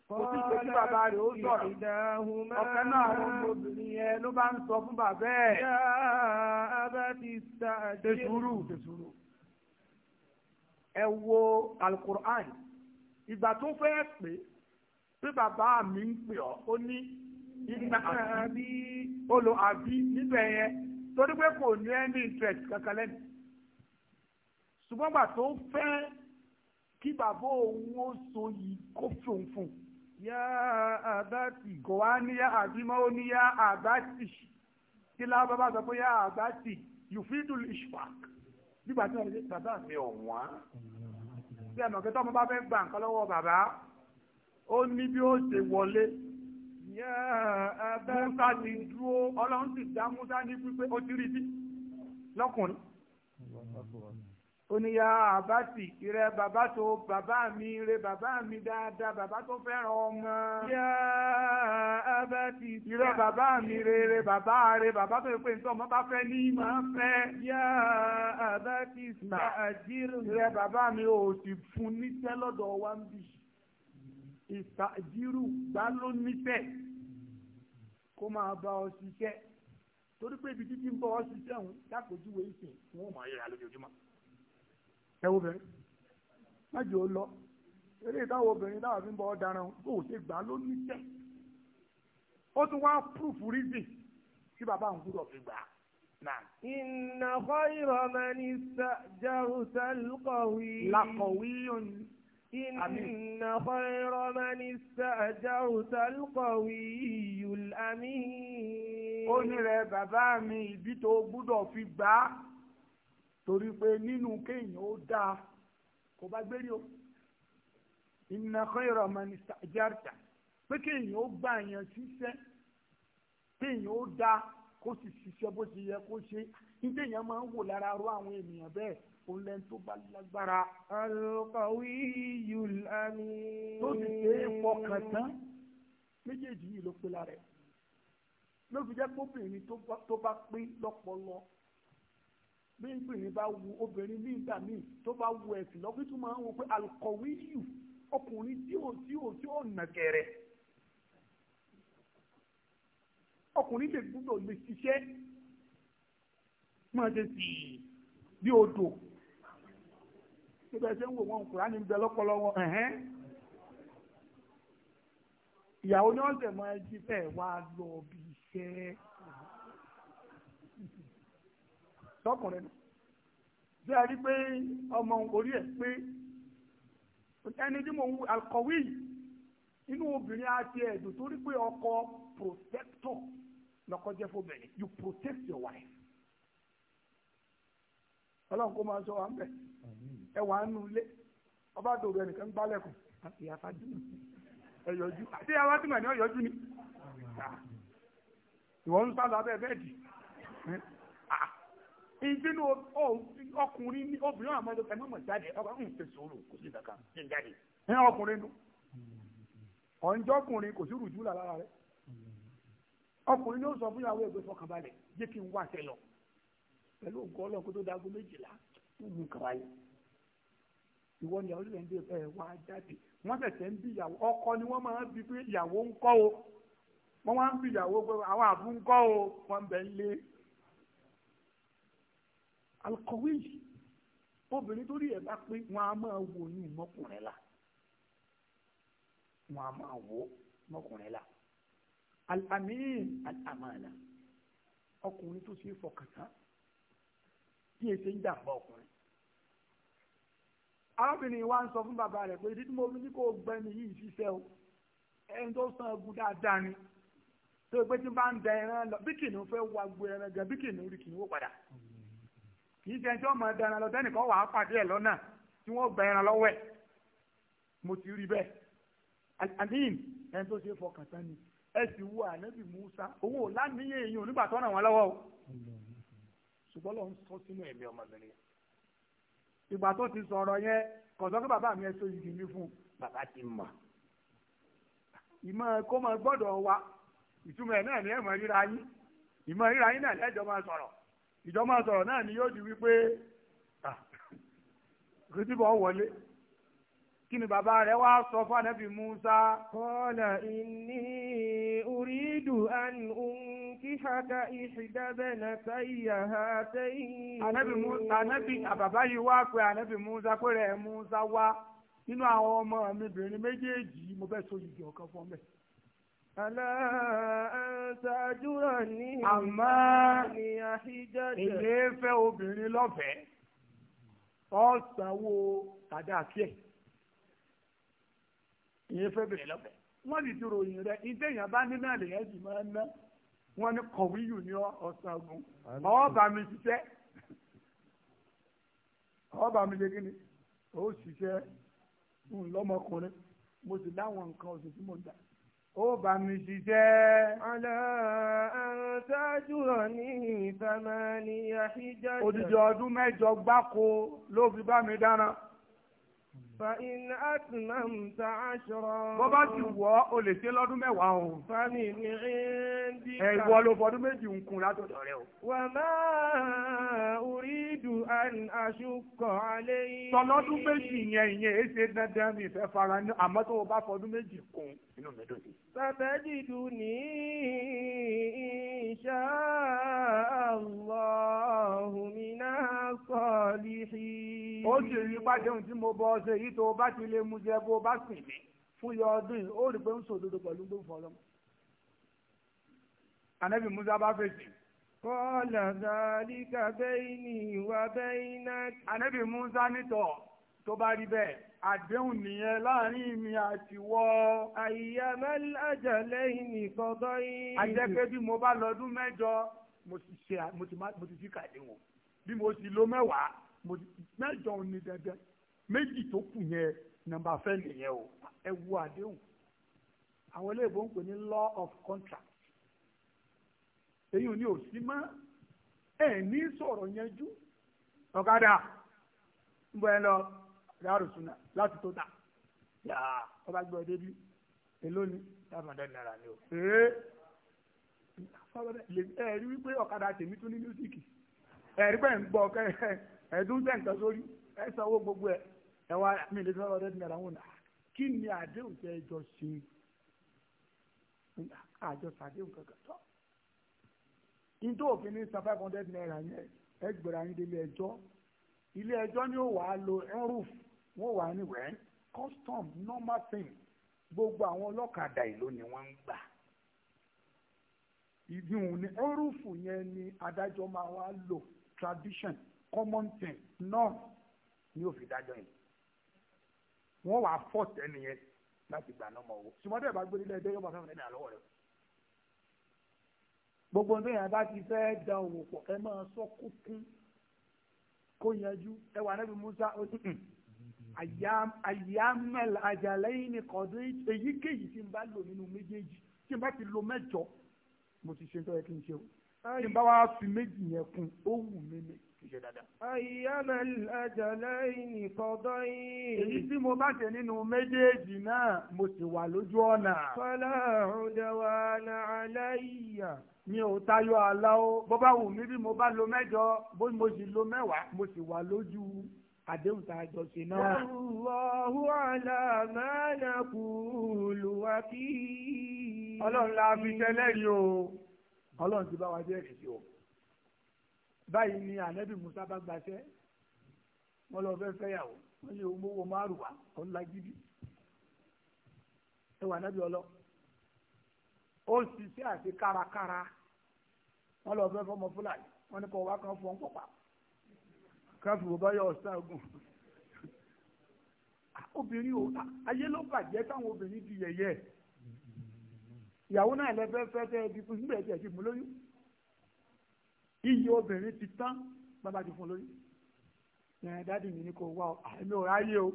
kò sí pé kí bàbá rẹ̀ ó sọ̀rọ̀ ọ̀kan náà àwọn ọmọbìnrin yẹn ló bá ń sọ fún bàbá ẹ̀. ṣáà abá ti sàdé. tẹ̀sùrù tẹ̀sùrù ẹ wo alukur'an ìgbà tó fẹ́ pè pé bàbá mi ń pè ọ́ ó ní ìgbà àbí olo àbí níbẹ̀ yẹn torí pé kò ní any interest kankan lẹ́nu ṣùgbọ́n gbà tó fẹ́ kí bàbá òun ó so yìí kó fòun fún yá àbátì kò wá ní yá àbí mọ́ ó ní yá àbátì kí lábàbá sọ pé yá àbátì yòfídùl ìṣùpàkì nígbà tí wọ́n ti bàbá mi ò wọ́n bí ẹ̀mọ̀ kí tọ́mọ bá fẹ́ gbà nǹkan lọ́wọ́ bàbá ó ní bí ó ṣe wọlé Musa ti dúró Ọlọ́run sì dá Musa ní pípé ó ti rí bí lọ́kùnrin oníyà àbátì ìrẹ bàbá tó bàbá mi rẹ bàbá mi dáadáa bàbá tó fẹ́ràn ọmọ. yà àbátì ìrẹ bàbá mi rẹ rẹ bàbá rẹ bàbá tó pè ní ọmọ bá fẹ́ ní máa fẹ́. yà àbátì ìsàjírù. ìrẹ bàbá mi ò sì fún níṣẹ́ lọ́dọ̀ wa ń bì. ìsàjírù gbá ló níṣẹ́ kó máa bá ọ ṣiṣẹ́ torí pé ibi títí ń bọ́ ọ ṣiṣẹ́ òun lápòjúwe ìsìn fún ọmọ ayé rẹ lójoojúmọ́ ẹ wo bẹ̀rẹ̀ májò ó lọ eré ìdáwọ̀ obìnrin dáwà fi ń bọ ọ̀daràn kó o ṣe gbà ló ní tẹ́ ó tún wá proof reason tí bàbá òun gbúdọ̀ fi gbà á. Inna khayra man ista'jarta al-qawiy. Laqawiyyun. Inna khayra man ista'jarta al-qawiyyu al-amin. Ó ní rẹ̀ bàbá mi ìbí tó gbúdọ̀ fi gbà á torí pé nínú kéèyàn ó dáa kò bá gbérí o inna khayra man ista'jarta pé kéèyàn ó gbà yàn ṣiṣẹ́ kéèyàn ó dáa kó sì ṣiṣẹ́ bó ṣe yẹ kó ṣe nígbà èèyàn máa ń wò lára rú àwọn ènìyàn bẹ́ẹ̀ òun lẹ́nu tó bá lágbára. alùpàwí yul tó sì ṣe é fọkàn tán méjèèjì yìí ló pé lára ẹ̀ ló fi jẹ́ kóbìnrin tó bá pín lọ́pọlọ bí obìnrin bá wu obìnrin ní ìgbà míì tó bá wu ẹ̀sìn lọ́wọ́ tó máa ń wo pé alukọ̀wé yù ọkùnrin tí ò tí ò tí ò nà kẹrẹ. ọkùnrin lè gbúdọ̀ lè ṣiṣẹ́ máa ṣe sí i bí odò níbẹ̀ ṣe ń wò wọn Kùránì ń bẹ lọ́pọlọ wọn ìyàwó ni wọ́n tẹ̀ máa jí bẹ́ẹ̀ wá lọ bí iṣẹ́. sọkùnrin nù bí a rí pé ọmọ orí ẹ̀ pé ẹni tí mo ń alkọ̀wé yìí inú obìnrin àti ẹ̀dùn torí pé ọkọ protector lọ́kọ jẹ́ fóbìnrin you protect your wife ọlọ́run kó máa sọ wa ń bẹ̀ ẹ wà á nu ilé ọba dòdò ẹnìkan ń gbálẹ̀kùn ìyá fájúmọ̀ ẹ yọjú àti ìyá fájúmọ̀ ni ọ yọjú ni ìwọ ń sá lọ abẹ́ bẹ́ẹ̀ dì ìdínú ọkùnrin ní obìnrin àmọ́ ẹ mọ̀mọ́ jáde ọkọ̀ ń ṣe sòrò kò sí ìdàkà ṣe ń jáde ẹ ọkùnrin nu ọ̀njọ́ ọkùnrin kò sí rùjú lára rẹ ọkùnrin ló sọ fún ìyàwó ẹgbẹ́ fọkànbalẹ̀ jẹ́ kí n wá àṣẹ lọ pẹ̀lú ògùn ọlọ́kùn tó dago méjìlá fún mi kàwá yìí ìwọ ni àwọn ilẹ̀ ń dé wá jáde wọ́n tẹ̀sẹ̀ ń bí ìyàwó ọkọ ni wọ́n máa ń bi pé ìyàwó ń kọ́ o wọ́n máa ń bi ìyàwó pé àwọn àbú o wọ́n bẹ̀ ń lé alukọ̀wé yìí obìnrin tó rí ẹ̀ bá pé wọn a máa wo oyún mọ́kùnrin la wọn a máa wo mọ́kùnrin la alamin alamana ọkùnrin tó ṣe é fọkàn tán bí èsè ń dàgbà ọkùnrin arábìnrin wa ń sọ fún bàbá rẹ̀ pé títí mo fi ní kó o gbẹ́ni yìí ṣiṣẹ́ o ẹni tó san egun dáadáa ni tó o pé tí n bá ń da ẹran lọ bí kìnìún fẹ́ wá gbé ẹran gan bí kìnìún rí kìnìún wó padà. Mm -hmm kì í ṣe ẹni tí wọ́n máa da ẹran lọ tẹ́nìkan wà á pàdé ẹ̀ lọ́nà tí wọ́n gba ẹran lọ́wọ́ ẹ̀ mo ti rí bẹ́ẹ̀ àdín ẹni tó ṣe fọkàn tán ni ẹ sì wo ànábì Musa owó láníyàn èèyàn nígbà tó ràn wọ́n lọ́wọ́ o ṣùgbọ́n lọ́n sọ sínú ẹ̀mí ọmọbìnrin ìgbà tó ti sọ̀rọ̀ yẹn kọ̀sọ́ pé bàbá mi ẹ sóyún kì í fún bàbá ti mọ̀ ìmọ̀ kó máa gbọ́dọ̀ wa ìtumọ̀ ẹ̀ náà ni ẹ̀ mọ̀ ríra yín ìmọ̀ ríra yín náà lẹ́jọ́ máa sọ̀rọ̀ ìjọba sọ̀rọ̀ náà ni yóò di wípé kìtìbọ̀ wọlé kí ni bàbá rẹ̀ wá sọ fún ànábì Musa. kọ́lá inni uridu an unkihaka ìṣìdábẹ́nà sáyà ha sẹ́yìn. àbàbá yìí wá pé ànábì Musa pé rẹ̀ Musa wá nínú àwọn ọmọ mi obìnrin méjèèjì mo fẹ́ so yìí ọ̀kan fún ألا أن تأجرني àmọ́ èlé fẹ́ obìnrin lọ́fẹ̀ẹ́ ọ̀sánwó tàdáàkì ẹ̀ ìyẹn fẹ́ bẹ̀rẹ̀ lọ́fẹ̀ẹ́ wọ́n lè dúró yìí rẹ̀ ìdẹ́yìn bá ní náà lèyẹ́ sì máa ń ná wọ́n ní kọ̀wéyù ní ọ̀sán ogun ọwọ́ bá mi ṣiṣẹ́ ọwọ́ bá mi ṣe kí ni ó ṣiṣẹ́ ńlọmọkùnrin mo sì láwọn nǹkan oṣù tí mo ń dà ó bá mi ṣiṣẹ́. Àlá àtàjù ní ìfàmà ní àṣíjájọ. Odidi ọdún mẹ́jọ gbáko ló fi bá mi dáná. فإن أتممت عشرا bó bá ti wọ̀ ọ́ o lè ṣe lọ́dún mẹ́wàá o. fani ni ẹ́ndì kan. ẹ̀wọ́ ló fọdún méjì ń kun látọ̀dọ̀ rẹ o. wà má uridu an ashukka alayhi. tọ́lọ́dún méjì yẹn ìyẹn èyí e ṣe dandan mi ìfẹ́ fara ní àmọ́ tó o bá fọdún méjì salihin. ó sì mo bọ́ èyí tó o bá ti lè mú jẹ bó bá sìn mí fún yọ ọdún yìí ó rí pé ń sòdodo pẹ̀lú gbé fún ànábì musa bá fèsì. kọ́lá zàlíkà bayni wa baynak. ànábì musa nítọ̀ tó bá rí bẹ́ẹ̀ àdéhùn nìyẹn láàrin mi àti wọ́. àyàmá ajalayni kọ́dọ̀ yìí. a jẹ́ pé bí mo bá lọ́dún mẹ́jọ mo ti ṣe mo ti bí mo ti lo mẹ́wàá mẹ́jọ ò ní dandan méjì tó kù yẹn nàmbà fẹ́ nìyẹn o ẹ wo àdéhùn àwọn eléyìnbó ń pè ní law of contract èyí ò ní òsì mọ́ ẹ ní sọ̀rọ̀ yẹn jú ọ̀kadà ń bọ̀ ẹ lọ rárùsùnà láti tó ta yàà ọba gbọ́ débi èló ni tábàdà náírà ni o ee ẹ̀rí wípé ọ̀kadà tèmi tún ní mísíkì ẹ̀rí pẹ̀ ń gbọ́ ẹ̀ẹ́dúnṣẹ́ nǹkan sórí ẹ̀ sanwó gbogbo ẹ̀ ẹ wá mi lè sọ̀rọ̀ ọ̀rẹ́ náírà wọn kí ni àdéhùn tẹ ẹ jọ ṣe àjọ sàdéhùn kankan tọ́ nítorí òfin ní san five hundred naira yẹn ẹ gbèrà yín délé ẹjọ́ ilé ẹjọ́ ni ó wà á lo enroof wọ́n wà á ní wẹ́ẹ́ custom normal thing gbogbo àwọn ọlọ́kadà ìlú ni wọ́n ń gbà ìdíhùn ni ẹrúfù yẹn ni adájọ́ máa wá lò tradition common thing norm ni ó fi dájọ́ yìí wọ́n wàá fọ́ọ̀t ẹnìyẹn láti gbà nọ́mọ owó ṣùgbọ́n tẹ̀ bá gbé nílẹ̀ ẹgbẹ́ yọ̀bọ̀ fẹ́mi náà lọ́wọ́ rẹ̀ gbogbo ní ìyẹn bá ti fẹ́ da òwò pọ̀ ẹ máa sọ kúkún kó yanjú ẹ wà níbi Musa ó ti hàn hmm, àyàmẹ́l àjàlẹ́yìn ni kọ̀dún èyíkéyìí tí n bá lò nínú méjèèjì tí n bá ti lo mẹ́jọ mo ti ṣe ń tọ́ yẹ kí n ṣe o tí n bá wá fi méjì yẹn kún ó wù mí méjì iṣẹ́ dáadáa. ayyama al-ajalaini fadayn. èyí tí mo bá ṣe nínú méjèèjì náà mo sì wà lójú ọ̀nà. fala udwana alayya. mi ò tayọ àlá o bó bá wù mí bí mo bá lo mẹ́jọ bó mo sì lo mẹ́wàá mo sì wà lójú àdéhùn tá a jọ ṣe náà. Allahu ala ma naqulu wakil. ọlọ́run la fi tẹ́lẹ̀ rí o ọlọ́run ti bá wa jẹ́rìí sí o báyìí ni ànábì musa bá gbaṣẹ́ wọ́n lọ fẹ́ fẹ́yàwó wọ́n yẹ owó márùwá òun gidi ẹ wà ànábì ọlọ ó ṣiṣẹ́ àti kárakára wọ́n lọ fẹ́ fọmọ fúlàní wọ́n ní kọ wá kan fọ ń pọpà káfí wò bá yọ ọ̀ṣágun obìnrin o ayé ló bàjẹ́ táwọn obìnrin di yẹ̀yẹ́ ìyàwó náà lẹ fẹ́ fẹ́ tẹ́ ẹ bí fún nígbà tí ẹ ti mú lóyún iyì obìnrin ti tán bàbá ti fún lórí ẹ dáàdi mi ní kò wá àmì ò ráyè o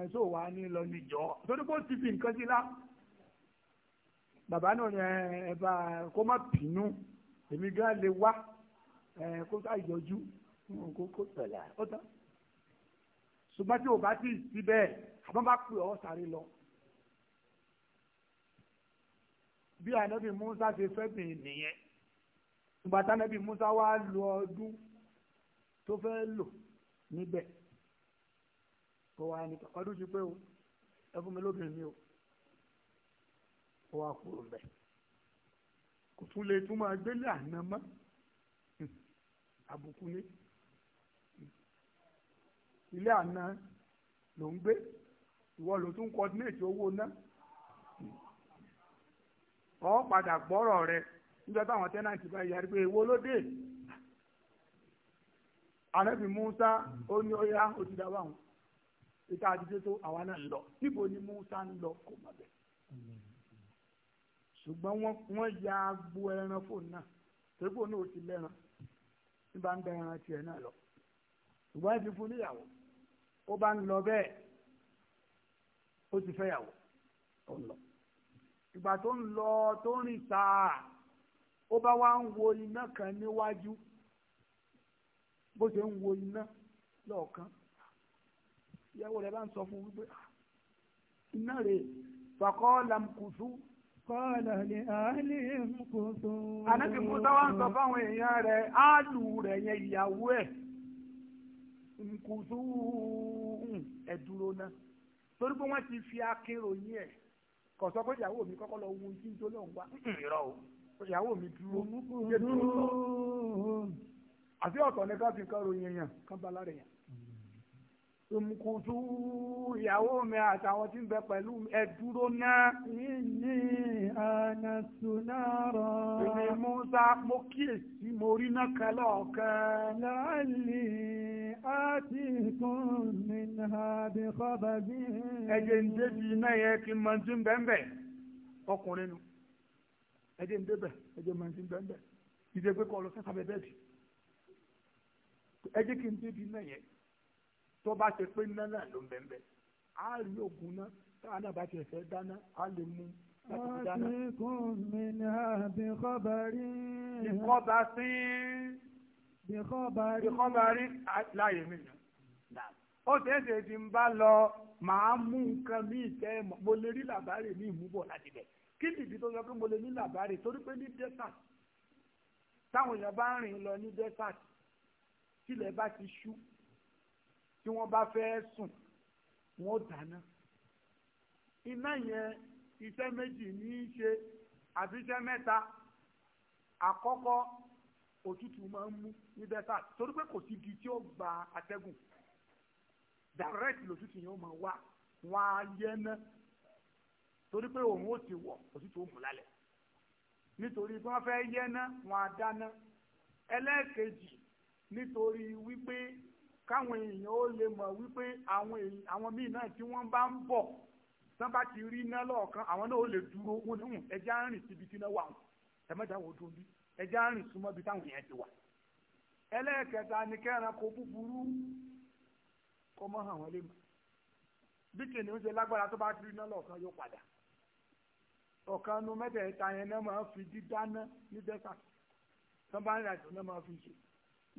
ẹ sọ wà ní lọ níjọ torí kó ti fi nǹkan sí la bàbá náà ni ẹ bá kó má bínú èmi gan lè wá ẹ kó sá ìjọjú kó kó tẹ̀lé ó tán ṣùgbọ́n tí o bá ti sí bẹ́ẹ̀ àbá bá pè ọ́ sáré lọ. bí ànábì Musa ṣe fẹ́ bìn nìyẹn ìgbà tánábì Musa wá lò ọdún tó fẹ́ lò níbẹ̀ kó wá ní ọdún ti pé o ẹ fún mi lóbìnrin mi o ó wá kúrò bẹ̀ kò tún lè tún máa gbélé àná mọ́ àbùkù ni ilé àná ló ń gbé ìwọ ló tún coordinate owó náà ọ padà gbọ́rọ̀ rẹ̀ nígbà táwọn tẹ́nàntì bá yàrí pé èwo ló dé àrẹ́bì Musa ó ní ọyá ó ti dá wàhùn ìta àdìjẹ́ tó àwa náà lọ níbo ni Musa ń lọ kó má bẹ̀ ṣùgbọ́n wọ́n ya agbo ẹran fóònù náà torí fóònù náà ó ti lẹ́ran nígbà ń bẹ ẹran tiẹ̀ náà lọ ṣùgbọ́n ẹ fún níyàwó ó bá ń lọ bẹ́ẹ̀ ó ti fẹ́ yàwó ó ń lọ ìgbà tó ń lọ tó ń rìn sáà ó bá wá ń wo iná kan níwájú bó ṣe ń wo iná lọ́ọ̀kan ìyàwó rẹ̀ bá ń sọ fún wípé ah, iná rẹ̀ fàkọ́ làmùkùsù Kọ́lá ni àálì mùkùsù. Ànábì Musa wá ń sọ fáwọn èèyàn rẹ̀ áàlù rẹ̀ yẹn ìyàwó ẹ̀ mùkùsù ẹ̀ dúró náà. Torí pé wọ́n ti fi akérò yín ẹ̀ kọ̀ sọ pé ìyàwó mi kọ́kọ́ lọ wo ohun tí ń wá. Ìrọ̀ o ìyàwó mi dúró ṣe dúró àti ọ̀tọ̀ ni ká fi kan ròyìn èèyàn kan bá lára èèyàn. Òmùkùtù ìyàwó mi àtàwọn tí ń bẹ pẹ̀lú ẹ dúró náà. Ìní ànàtù náà Èmi Musa mo kíyèsí mo rí náà kan lọ́ọ̀kan. Láàlì àti ìkún mi náà bí kọ́ bàbí. Ẹ̀jẹ̀ ń débi iná yẹn kí n mọ̀ tí ń bẹ́ẹ̀ bẹ́ẹ̀. Ọkùnrin nu ẹjẹ ń débẹ̀ ẹjẹ máa ń ti bẹ́ẹ̀ bẹ́ẹ̀ ìdè pé kọ́ ọ lọ sẹ́sà bẹ́ẹ̀ bẹ́ẹ̀ bì ẹjẹ kí n débi náà yẹn tó bá ṣe pé iná náà ló ń bẹ́ẹ̀ bẹ́ẹ̀ á rí ògùn náà táwọn náà bá ti ẹ̀fẹ́ dáná á lè mú láti fi dáná. àtìkùn mi ni àbí kọ́bárì. ìkọ́ba sí. ìkọ́bárì. ìkọ́bárì láàyè mi nà. ó tẹ̀sẹ̀ ti ń bá lọ màá mú nǹkan míì tẹ́ mo lè rí làbárè míì mú bọ̀ láti bẹ̀ kí nìdí tó yẹ pé mo lè ní làbárì torí pé ní desert táwọn èèyàn bá ń rìn lọ ní desert tílẹ̀ bá ti ṣú tí wọ́n bá fẹ́ sùn wọ́n dáná iná yẹn iṣẹ́ méjì ní í ṣe àbí iṣẹ́ mẹ́ta àkọ́kọ́ òtútù máa ń mú ní desert torí pé kò sí igi tí ó gba atẹ́gùn direct lòtútù yẹn ó máa wá wọn á yẹ náà torí pé òun ó ti wọ̀ òtútù ó mú lálẹ́ nítorí pé wọ́n fẹ́ yẹ́ná wọn á dáná ẹlẹ́ẹ̀kejì nítorí wípé káwọn èèyàn ó lè mọ̀ wípé àwọn èèyàn àwọn míì náà tí wọ́n bá ń bọ̀ tán bá ti rí iná lọ́ọ̀kan àwọn náà ó lè dúró wọn ní ẹja ń rìn síbi tí iná wà wọn ẹ mẹ́ta wò dùn bí ẹja rìn súnmọ́ bí táwọn èèyàn ti wà. ẹlẹ́ẹ̀kẹta ni kẹ́ranko búburú kọ́ mọ́ hàn wọ́n lè mọ̀ bí kìnìún ṣe lágbára tó bá ti rí iná lọ́ọ̀kan yóò padà ọ̀kan nu mẹ́tẹ̀ẹ̀ta yẹn náà máa fi dídáná ní dẹ́sà tó bá ń rìn àjò náà máa fi ṣe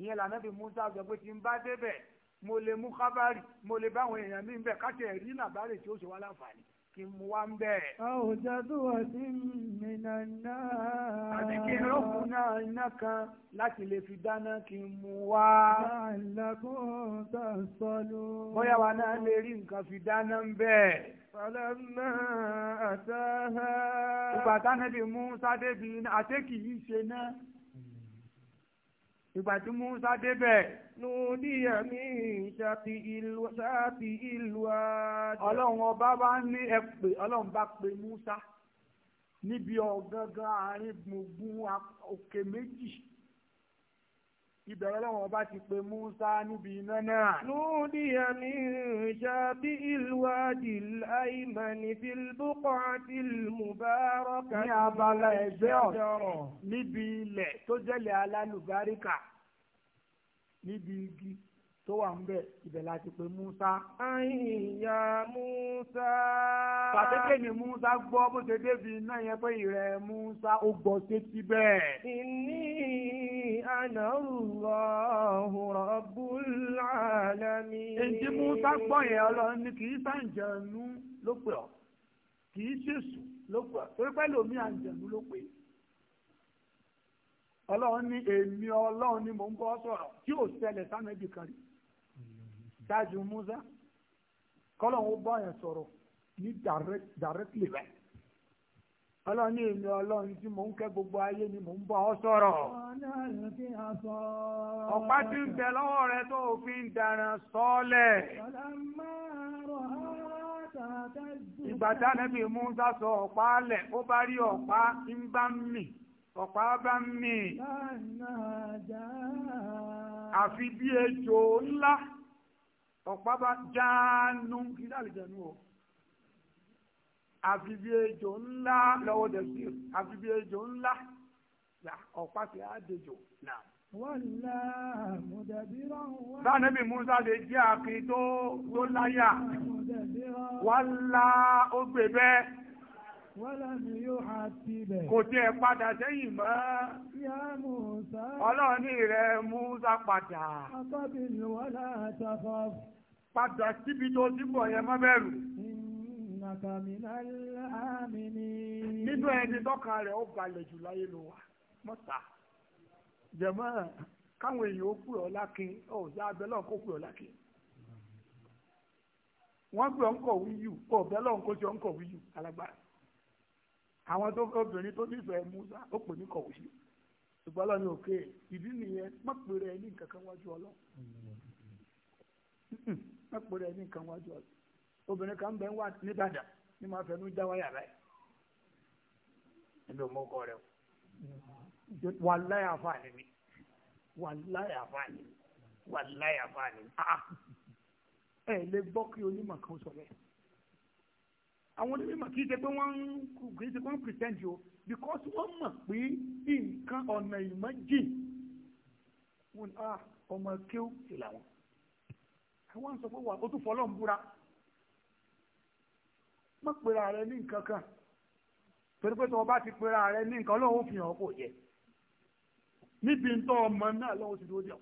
ìyẹn lànà bí musa sọ pé tí n bá débẹ̀ mo lè mú kábàárì mo lè báwọn èèyàn mi bẹ̀ káṣẹ̀ rí làbárè tí ó ṣe wá láǹfààní kí n mú wá ń bẹ̀. a ò sí mìíràn náà. àti kí n rọ́pù náà iná kan láti lè fi dáná kí n mú wá. àlàkùn tá a sọ ló. bóyá wa náà lè rí nǹkan fi dáná ń bẹ̀. Fàlàmà àtàhà. Ìgbà tánábì Mùsá débi àtẹ́kì yìí ṣe náà ìgbà tí Musa débẹ̀. Nùdíyà mi ṣàfi ìlú ṣàfi ìlú àjọ. Ọlọ́run ọba bá ní ẹ̀pẹ̀ ọlọ́run bá pe Musa níbi ọ̀gángan àárín gbùngbùn òkè méjì ìbẹ̀rẹ̀ lọ́wọ́ ọba ti pe Musa níbi iná náà. Lúdí àmì ìṣàbí ìlúwádì àìmọ̀ni fi lùkọ́ àti ìlmùbárọ́kà. Ní abala ẹgbẹ́ ọ̀rọ̀ níbi ilẹ̀ tó jẹ́lẹ̀ alálùbáríkà níbi igi tó wà ń bẹ̀ ibẹ̀ láti pé Musa. àyìnyá Musa. pàtẹ́kẹ́ ni Musa gbọ́ bó ṣe débi iná yẹn pé ìrẹ̀ Musa ó gbọ́ sétí bẹ́ẹ̀. ìní àná Allahu Rabbul Alamin. èyí Musa gbọ́ yẹn ọlọ́run ni kì í sàǹjẹ̀nu ló pè ọ́ kì í ṣèṣù ló pè ọ́ torí pẹ́ lómi àǹjẹ̀nu ló pè é ọlọ́run ní èmi ọlọ́run ni mò ń bọ́ sọ̀rọ̀ tí ò ṣẹlẹ̀ sánẹ́bì kan rí ṣáájú Musa kọ́lọ̀ ń bọ̀ yẹn sọ̀rọ̀ ní directly bẹ́ẹ̀ ọlọ́run ní èmi ọlọ́run tí mò ń kẹ́ gbogbo ayé ni mò ń bọ̀ ọ́ sọ̀rọ̀. ọ̀pá tí ń bẹ lọ́wọ́ rẹ tó fi ń dara sọ́ọ̀lẹ̀. ìgbà tánẹ́bì Musa sọ ọ̀pá lẹ̀ ó bá rí ọ̀pá ń bá mì ọ̀pá bá mì. àfi bí ejò ńlá ọ̀pá bá jáánú kí lálejànú o àfi bí ejò ńlá lọ́wọ́ dẹ̀sí àfi bí ejò ńlá ọ̀pá ti á dejò náà. Wọ́lá mùdàbíràn wá. Bá nẹ́bì Musa lè jẹ́ àfin tó tó láyà. Wọ́lá ó gbé bẹ́ẹ̀. Wọ́lá mi yóò ha ti bẹ̀. Kò tiẹ̀ padà sẹ́yìn mọ́. Yá Musa. Ọlọ́run rẹ̀ Musa padà. Akọ́bìnrin wọ́lá àtàfà. padà síbi tó ti bọ̀ yẹn má bẹ̀rù. nínú ẹni tọ́ka rẹ̀ ó balẹ̀ jù láyé ló wà mọ́ta jẹ̀mọ́ káwọn èèyàn ó pè ọ́ ọ̀ ṣe abẹ́ lọ́n kó pè ọ́ wọ́n pè ọ́ wíyù kọ̀ ọ̀bẹ́ lọ́n kó àwọn tó obìnrin tó musa ó pè ní ṣùgbọ́n mẹ́pọ̀ rẹ̀ ní nǹkan wájú ọ̀la obìnrin kan bẹ́ẹ̀ wà nígbàdà ní máa fẹnu já wáyà rẹ̀ ẹ̀mí ò mọ ọkọ rẹ̀ o wà láyà fáàní mi wà láyà fáàní mi wà láyà fáàní mi ah, ah. ẹ lè gbọ́ kí onímọ̀ kan sọ bẹ́ẹ̀ àwọn onímọ̀ kì í ṣe pé wọ́n ń kì í ṣe pé wọ́n ń pìrìsẹ́ǹtì o because wọ́n mọ̀ pé nǹkan ọ̀nà ìmọ̀ jìn wọn ah, ọmọ kéwù sí làwọn àwọn sọ pé wà ó tún fọlọ́ ń búra má pera rẹ ní nǹkan kan torí pé tó bá ti pera rẹ ní nǹkan lóun fi hàn kò yẹ níbi ń tọ́ ọmọ náà lọ́wọ́ ti dúró díẹ̀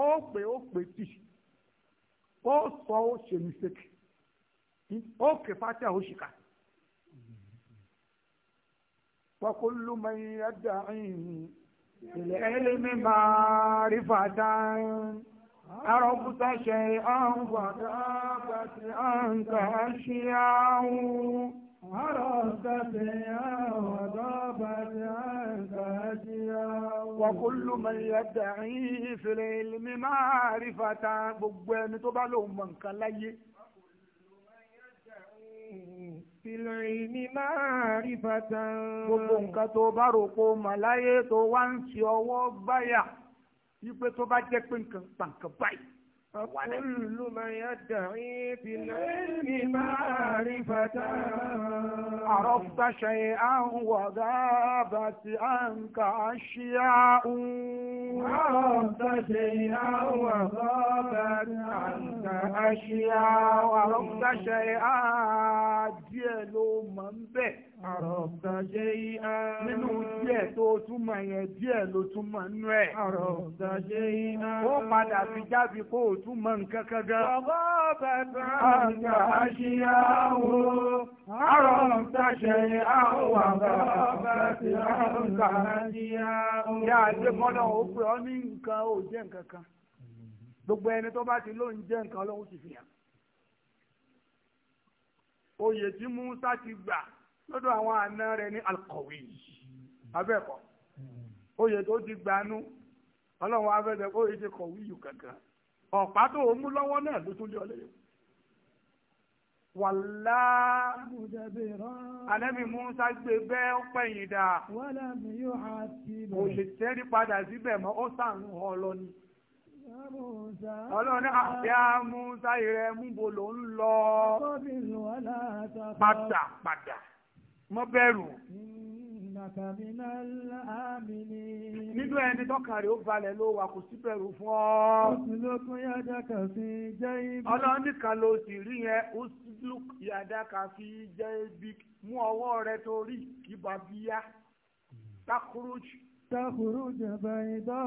ó pè ó pè tì ó sọ ó ṣe mistake ó kè fati àwọn òṣìkà. وكل من يدعي العلم معرفة عرفت شيئا وكافت أنت أشياء عرفت شيئا وكافت أنت أشياء وكل من يدعي في العلم معرفة بقوان تبالو من كلاي Fìlìmí máa rí fàtàn. Gbogbo nǹkan tó bá rò pé màláyé tó wá ń ṣe ọwọ́ báyà wípé tó bá jẹ́ pé nǹkan pàǹkan báyìí. Kullu man yadda'i bil ilmi ma'rifatan. Arafta shay'an wa ghabati anka ashya'un. Arafta شيئا وغابت عنك أشياء عرفت شيئا díẹ̀ ló mọ̀ ń bẹ̀. àròkà ṣe yá. nínú díẹ̀ tó túmọ̀ yẹn díẹ̀ ló túmọ̀ nú ẹ̀. àròkà ṣe yá. ó padà fi jáde kó o túmọ̀ nǹkan kan gan. bàbá bàbá àgbà àṣìyàwó àròkà ṣe àwọn àgbà àgbà àṣìyàwó. yá àgbẹ̀ mọ́nà ó pè ọ́ jẹ́ nǹkan kan gbogbo ẹni tó bá ti lóun jẹ́ nǹkan ọlọ́run ti fi hàn oyè tí Musa ti gbà lọ́dọ̀ àwọn àna rẹ̀ ní alkọ̀wé abẹ́ẹ̀kọ́ oyè tó ti gbanú ọlọ́run afẹ́fẹ́ kó oyè ti kọ̀wé yù kankan ọ̀pá tó o mú lọ́wọ́ náà ló tún lé ọ lẹ́yìn wàlá anẹ́bì Musa gbé bẹ́ ó pẹ̀yìn dà ó ṣe tẹ́rí padà síbẹ̀ mọ́ ó sàánú ọlọ́ni ọlọ́ni àbíá ah, Musa ìrẹ́ múbo ló ń lọ padà mọ́ bẹ̀rù Nínú ẹni tọ́kàn rẹ̀ ó balẹ̀ ló wà kò sí bẹ̀rù fún ọ. Ọlọ́run nìkan ló sì rí yẹn, ó sì lùk yàdáka fi jẹ́ ibi mú ọwọ́ rẹ̀ torí ìbà bíyá. Takuruj. Takuruj bayda.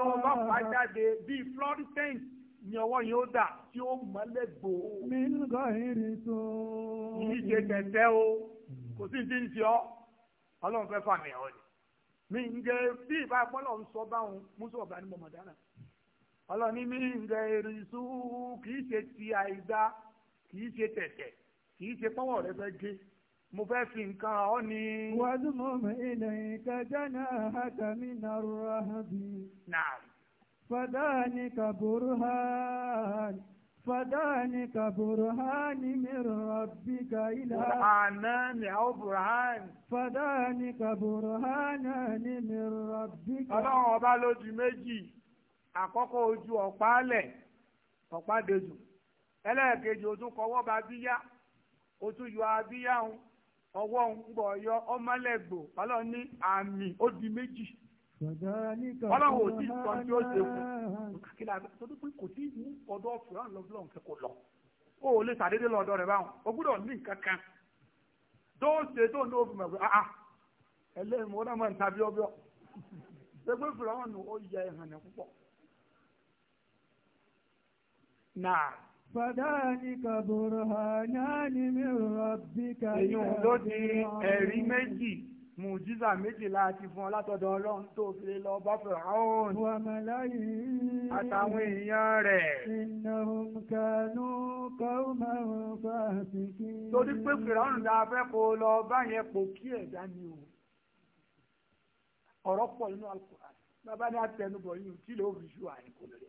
Tó bá fà jáde bíi Florissant ni ọwọ́ yẹn ó dà tí ó mọ́lẹ̀ gbò. Mi ń gọ́ ìrìn tó. Ìyí ṣe tẹ̀tẹ̀ o, kò sí ti ń ṣe ọ́. ọlọ́run fẹ́ fà mí ọ́ ni mi ń jẹ bí ìbá ìpọ́nlọ̀ ń sọ báwọn ọ̀gá ni mo mọ̀ dára ọlọ́run ní mi ń jẹ irinṣu kì í ṣe ti àìdá kì í ṣe tẹ̀tẹ̀ kì í ṣe pọ́wọ́ rẹ fẹ́ gé mo fẹ́ fi nǹkan ni. wàdúmọ̀mù ilẹ̀ ìkàjánà فذلك برهان من ربك إلى برهانان أو برهان فذلك برهانان من ربك ọlọ́run ọba lójú méjì àkọ́kọ́ ojú ẹlẹ́ẹ̀kejì ojú kọwọ́ bá bíyá ojú yọ abíyá ọwọ́ ń bọ̀ yọ ọmọlẹ́gbò ọlọ́run ní àmì ó di ọlọ́run ò tí ì sọ tí ó ṣe fún kíkìlá torí pé kò tí ì mú ọ̀dọ̀ fúra lọ́gbọ́n kẹ́ kò lọ o lè sàdédé lọ ọ̀dọ̀ rẹ̀ báwọn o gbúdọ̀ ní nǹkan kan tó ṣe tó ní òfin mẹ́fọ́ ah, ah ẹlẹ́yìn wọn náà máa ń ta bíọ́bíọ́ ṣé pé nù ó yẹ ìhànà púpọ̀ náà. فذلك برهانان من ربك. èyí ló di ẹ̀rí méjì mùjísà méjìlá ti fún ọ ọlọ́run tó fi lọ bá Fáráò. wà á màlá yìí. àtàwọn èèyàn rẹ̀. innahum kanu qauman fasiqin. torí pé fìràwọ̀n la fẹ́ kó lọ bá yẹn pò kí ẹ̀dá ni o. ọ̀rọ̀ pọ̀ nínú Al-Qur'an bàbá ní àtẹnubọ̀ yìí tí ló fi ṣù àyẹ̀kọ́ lórí.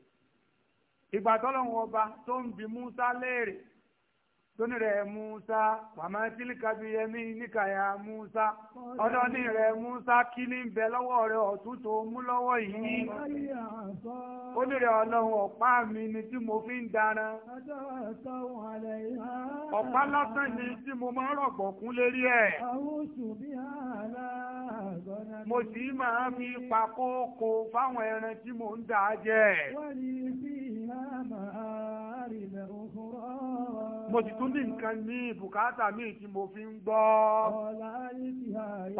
ìgbà tọ́lọ́run ọba tó ń bi Mùsá léèrè tóní rẹ̀ Musa wàmọ́ tílíkà bí yẹmí ya Musa ọlọ́ni rẹ̀ Musa kí ní bẹ lọ́wọ́ rẹ̀ ọ̀tún tó mú lọ́wọ́ yìí rẹ̀ mi ni tí mo fi ń daran ni tí mo mo ma fi pa fáwọn tí mo ń mo sì tún ní nǹkan ní bùkátà míì tí mo fi ń gbọ́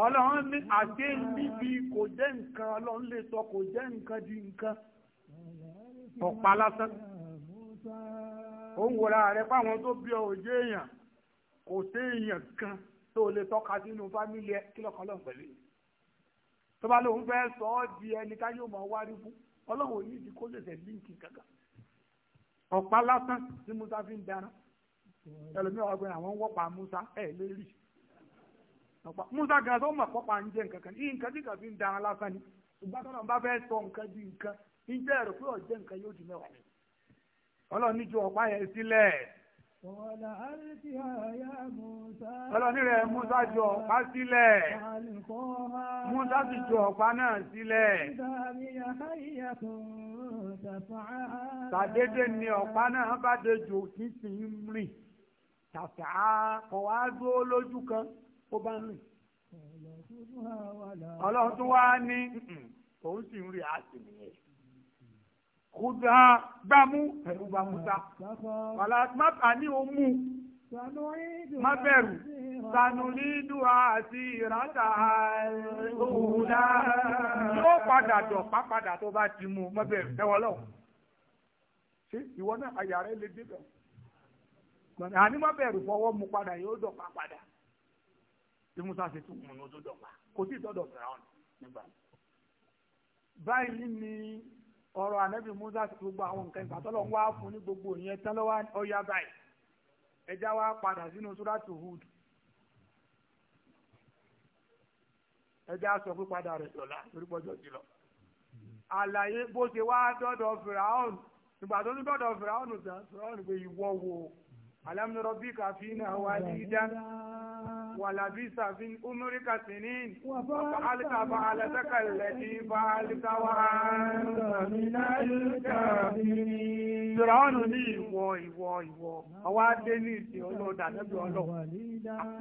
ọlọ́run ní àti níbi kò jẹ́ nǹkan ọlọ́run lè sọ kò jẹ́ nǹkan di nǹkan ọ̀pá lásán ó ń wòra fáwọn tó bí òjé èèyàn kò sí èèyàn kan tó lè tọ́ka sínú fámílì ẹ kí lọ́kàn lọ́n pẹ̀lú tó bá lóun fẹ́ sọ ọ́ di ẹni ká yóò mọ̀ wárí fún ọlọ́run ò ní ìdí kó lè tẹ̀ líǹkì kankan ọ̀pá lásán tí musa fi ń dáná ẹlòmíràn àwọn Musa ẹ̀ lérí Musa gan tó mọ̀ pọ́pa ń jẹ́ nǹkan kan ní nǹkan tí dara lásán ni bá fẹ́ sọ nǹkan di nǹkan ní ẹ̀rọ pé ọ̀jẹ́ nǹkan yóò di mẹ́wàá ni ní ju yẹn rẹ̀ Musa ju ọ̀pá sílẹ̀ Musa ju ọ̀pá náà sílẹ̀ tàdédé ni ọ̀pá náà bá dé jò tàfà kọ̀ wá dúró lójú kan ó bá ń rìn. ọlọ́run tún wá ní òun sì ń rí àtìmí yẹn kódà gbàmú ẹ̀rù gbàmú ta wàlá má ní òmù má bẹ̀rù sanulidu àti ìrántà òwúlá yóò padà dọ̀ pápadà tó bá ti mú má ẹ̀wọ̀n lọ. ṣé ìwọ náà àyà rẹ lè débẹ̀ lọ́nà àní má bẹ̀rù fọwọ́ mu padà yóò dọ̀pá padà tí musa ṣe tún mú un tó dọ̀pá kò tí ì tọ́dọ̀ fẹ́ràn nígbà yìí. báyìí ni ọ̀rọ̀ ànábì musa ti gbogbo àwọn nǹkan ìgbà tọ́lọ̀ ń wá fún ní gbogbo ìyẹn tán lọ́wọ́ ọ̀yá báyìí ẹja wá padà sínú suratu Hud ẹja sọ pé padà rẹ̀ dọ̀la torí pọ́jọ́ ti lọ. àlàyé bó ṣe wá dọ́dọ̀ fìràhùn ìgbà tó ní dọ́dọ̀ fìràhùn alam nurabbika fina walidan walabisa fi umrika sinin wafa'alta fa'alataka allati fa'alta wa anta min al-kafirin Fìràánù ní ìwọ ìwọ ìwọ, ọwá dé ní ìsìn ọlọ́dà lẹ́bí ọlọ́.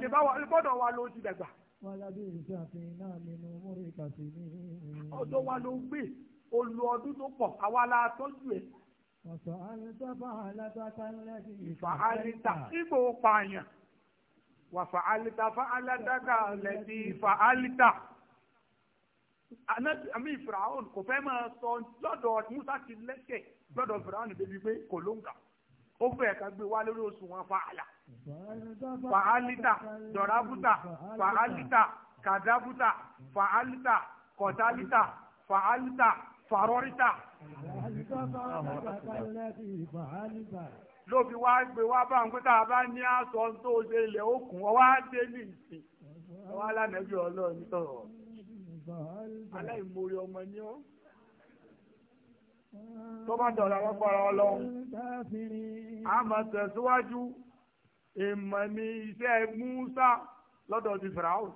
Ìbá wa gbọ́dọ̀ wa ló ti dàgbà. Ọ̀dọ̀ wa ló gbé, olú ọdún tó pọ̀, àwa la tọ́jú ẹ̀ wàfàálítà fàálátà kálẹ́dì. fàálítà ibo pààyàn wàfàálítà fàálátà kálẹ́dì fàálítà. àmì firaun kò fẹ́ máa sọ lọ́dọ̀ musa ti lẹ́sẹ̀ lọ́dọ̀ firaun débi pé kò ló ń kà ó fẹ́ ká gbé wá lórí oṣù wọn fàálà fàálítà dọ̀rábùtà fàálítà kàdábùtà fàálítà kọ̀tálítà fàálítà. fàrọ́rítà. ló fi wá gbé wá bá ń pé tá a bá ní aṣọ tó ṣe ilẹ̀ òkun ọwá dé ní ìsìn ọwá lánàájú ọlọ́run tọ̀rọ̀ aláìmoore ọmọ ni ó tó bá dọ̀rọ̀ alágbára ọlọ́run a máa tẹ̀síwájú ìmọ̀ ni iṣẹ́ lọ́dọ̀ ti fìràwọ̀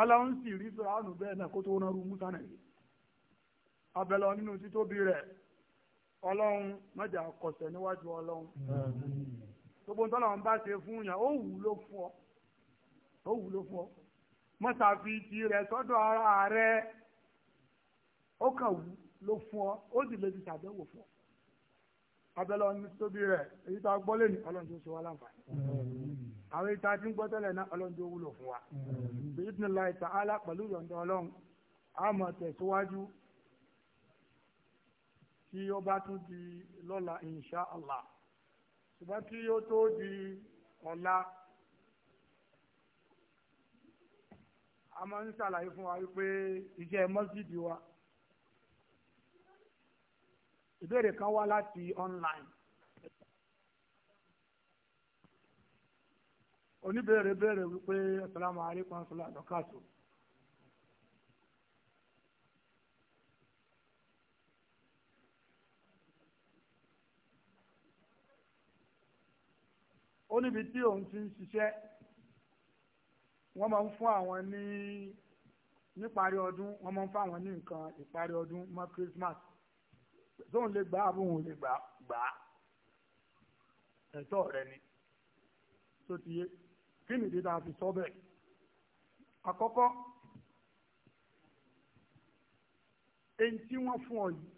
ọlọ́run sì rí fìràwọ̀ bẹ́ẹ̀ náà kó tó rú abẹ́lọ nínú títóbi rẹ̀ ọlọ́run mẹ́jà kọ̀sẹ̀ níwájú ọlọ́run gbogbo ń tọ́lọ̀ ń bá ṣe fún yàn ó wù ló fún ọ ó wù ló fún ọ mọ́sàfi ti rẹ̀ sọ́dọ̀ ara rẹ̀ ó kàn wù ló fún ọ ó sì lè ti ṣàbẹ̀wò fún ọ abẹ́lẹ́ ọ̀nà tóbi rẹ̀ èyí tá a gbọ́ lé ní ọlọ́run tó ṣe wá láǹfààní. àwọn èyí tá ń gbọ́ tẹ́lẹ̀ náà ọlọ́run tó wúlò fún wa. bí ìdùnnú la ìta alá pẹ̀lú ìyọ̀ǹda ọlọ́run a máa tẹ̀síwájú tí ó tún di lọ́la insha allah ṣùgbọ́n tí ó tó di ọ̀la a máa ń ṣàlàyé fún wa wípé iṣẹ́ mọ́sídìí wa ìbéèrè kan wá láti online oníbèrè béèrè wípé asalaamualeykum asalaam ó níbi tí òun ti ń ṣiṣẹ́ wọ́n máa ń fún àwọn ní níparí ọdún wọ́n máa ń fún àwọn ní nǹkan ìparí ọdún mọ́ Christmas tóun lè gbà á bóun lè gbà á ẹ̀tọ́ rẹ ni tó ti yé kí nìdí tá a fi sọ bẹ́ẹ̀ àkọ́kọ́ èyí tí wọ́n fún ọ yìí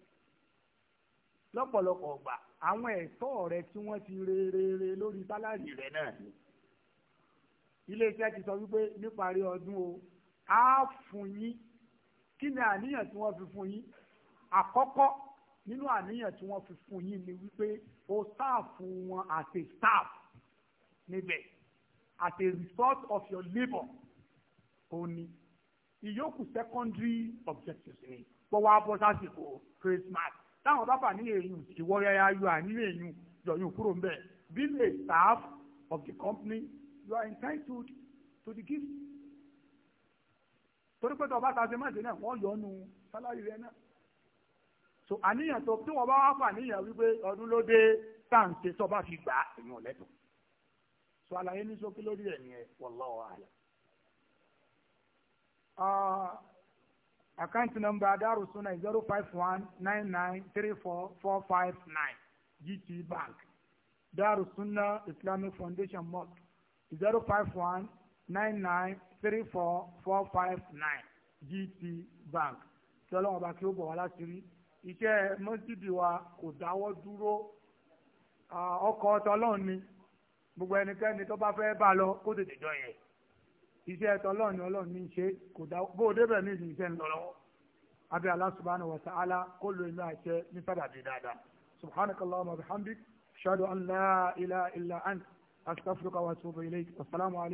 lọ́pọ̀lọpọ̀ ọgbà àwọn ẹ̀tọ́ rẹ tí wọ́n ti re re re lórí sálárì rẹ náà ni iléeṣẹ́ ti sọ wípé níparí ọdún o á fún yín kí ni àníyàn tí wọ́n fi fún yín àkọ́kọ́ nínú àníyàn tí wọ́n fi fún yín ni wípé o sáàfù wọn as a staff níbẹ̀ as a result of your labour o ní ìyókù secondary objectives ni gbọ́wọ́ abọ́ sásìkò Christmas táwọn bá fà nílé èyàn ìwọ yẹn ayọ ànílé èyàn yọyún kúrò ń bẹ being a staff of the company you are entitled to the gift torí pé tọba ta ṣe má ṣe náà wọ́n yọ ọ́nu sálárì rẹ náà so àníyàn tó tí wọ́n bá wá fà níyàn wípé ọdún ló dé táǹṣe tọba fi gbà èèyàn lẹ́tọ̀ọ́ so àlàyé ní ṣókí lórí ẹ̀ nìyẹn wallahu a'lam. Ah, àkáǹtì nọ́mbà Darussunnah zero five one nine nine three four four five nine GT Bank Darussunnah Islamic Foundation Mosque zero five one nine nine three four four five nine GT Bank tí ọba kí ó bọ̀ wá láti rí iṣẹ́ mọ́sídìí wa kò dáwọ́ dúró ah, ọkọ̀ ọ̀tọ̀ ọlọ́run ni gbogbo ẹnikẹ́ni tó bá fẹ́ bá lọ kó tètè jọ yẹn iṣẹ́ ẹ̀tọ́ ọlọ́run ni ọlọ́run ní í ṣe kò dá bó o débẹ̀ ní ìsìn iṣẹ́ ń lọ lọ́wọ́ abẹ́ Allah subhanahu wa ta'ala kó lo inú àṣẹ ní sábàbí dáadáa subhanakallahumma wa bihamdik ashhadu an la ilaha illa ant astaghfiruka wa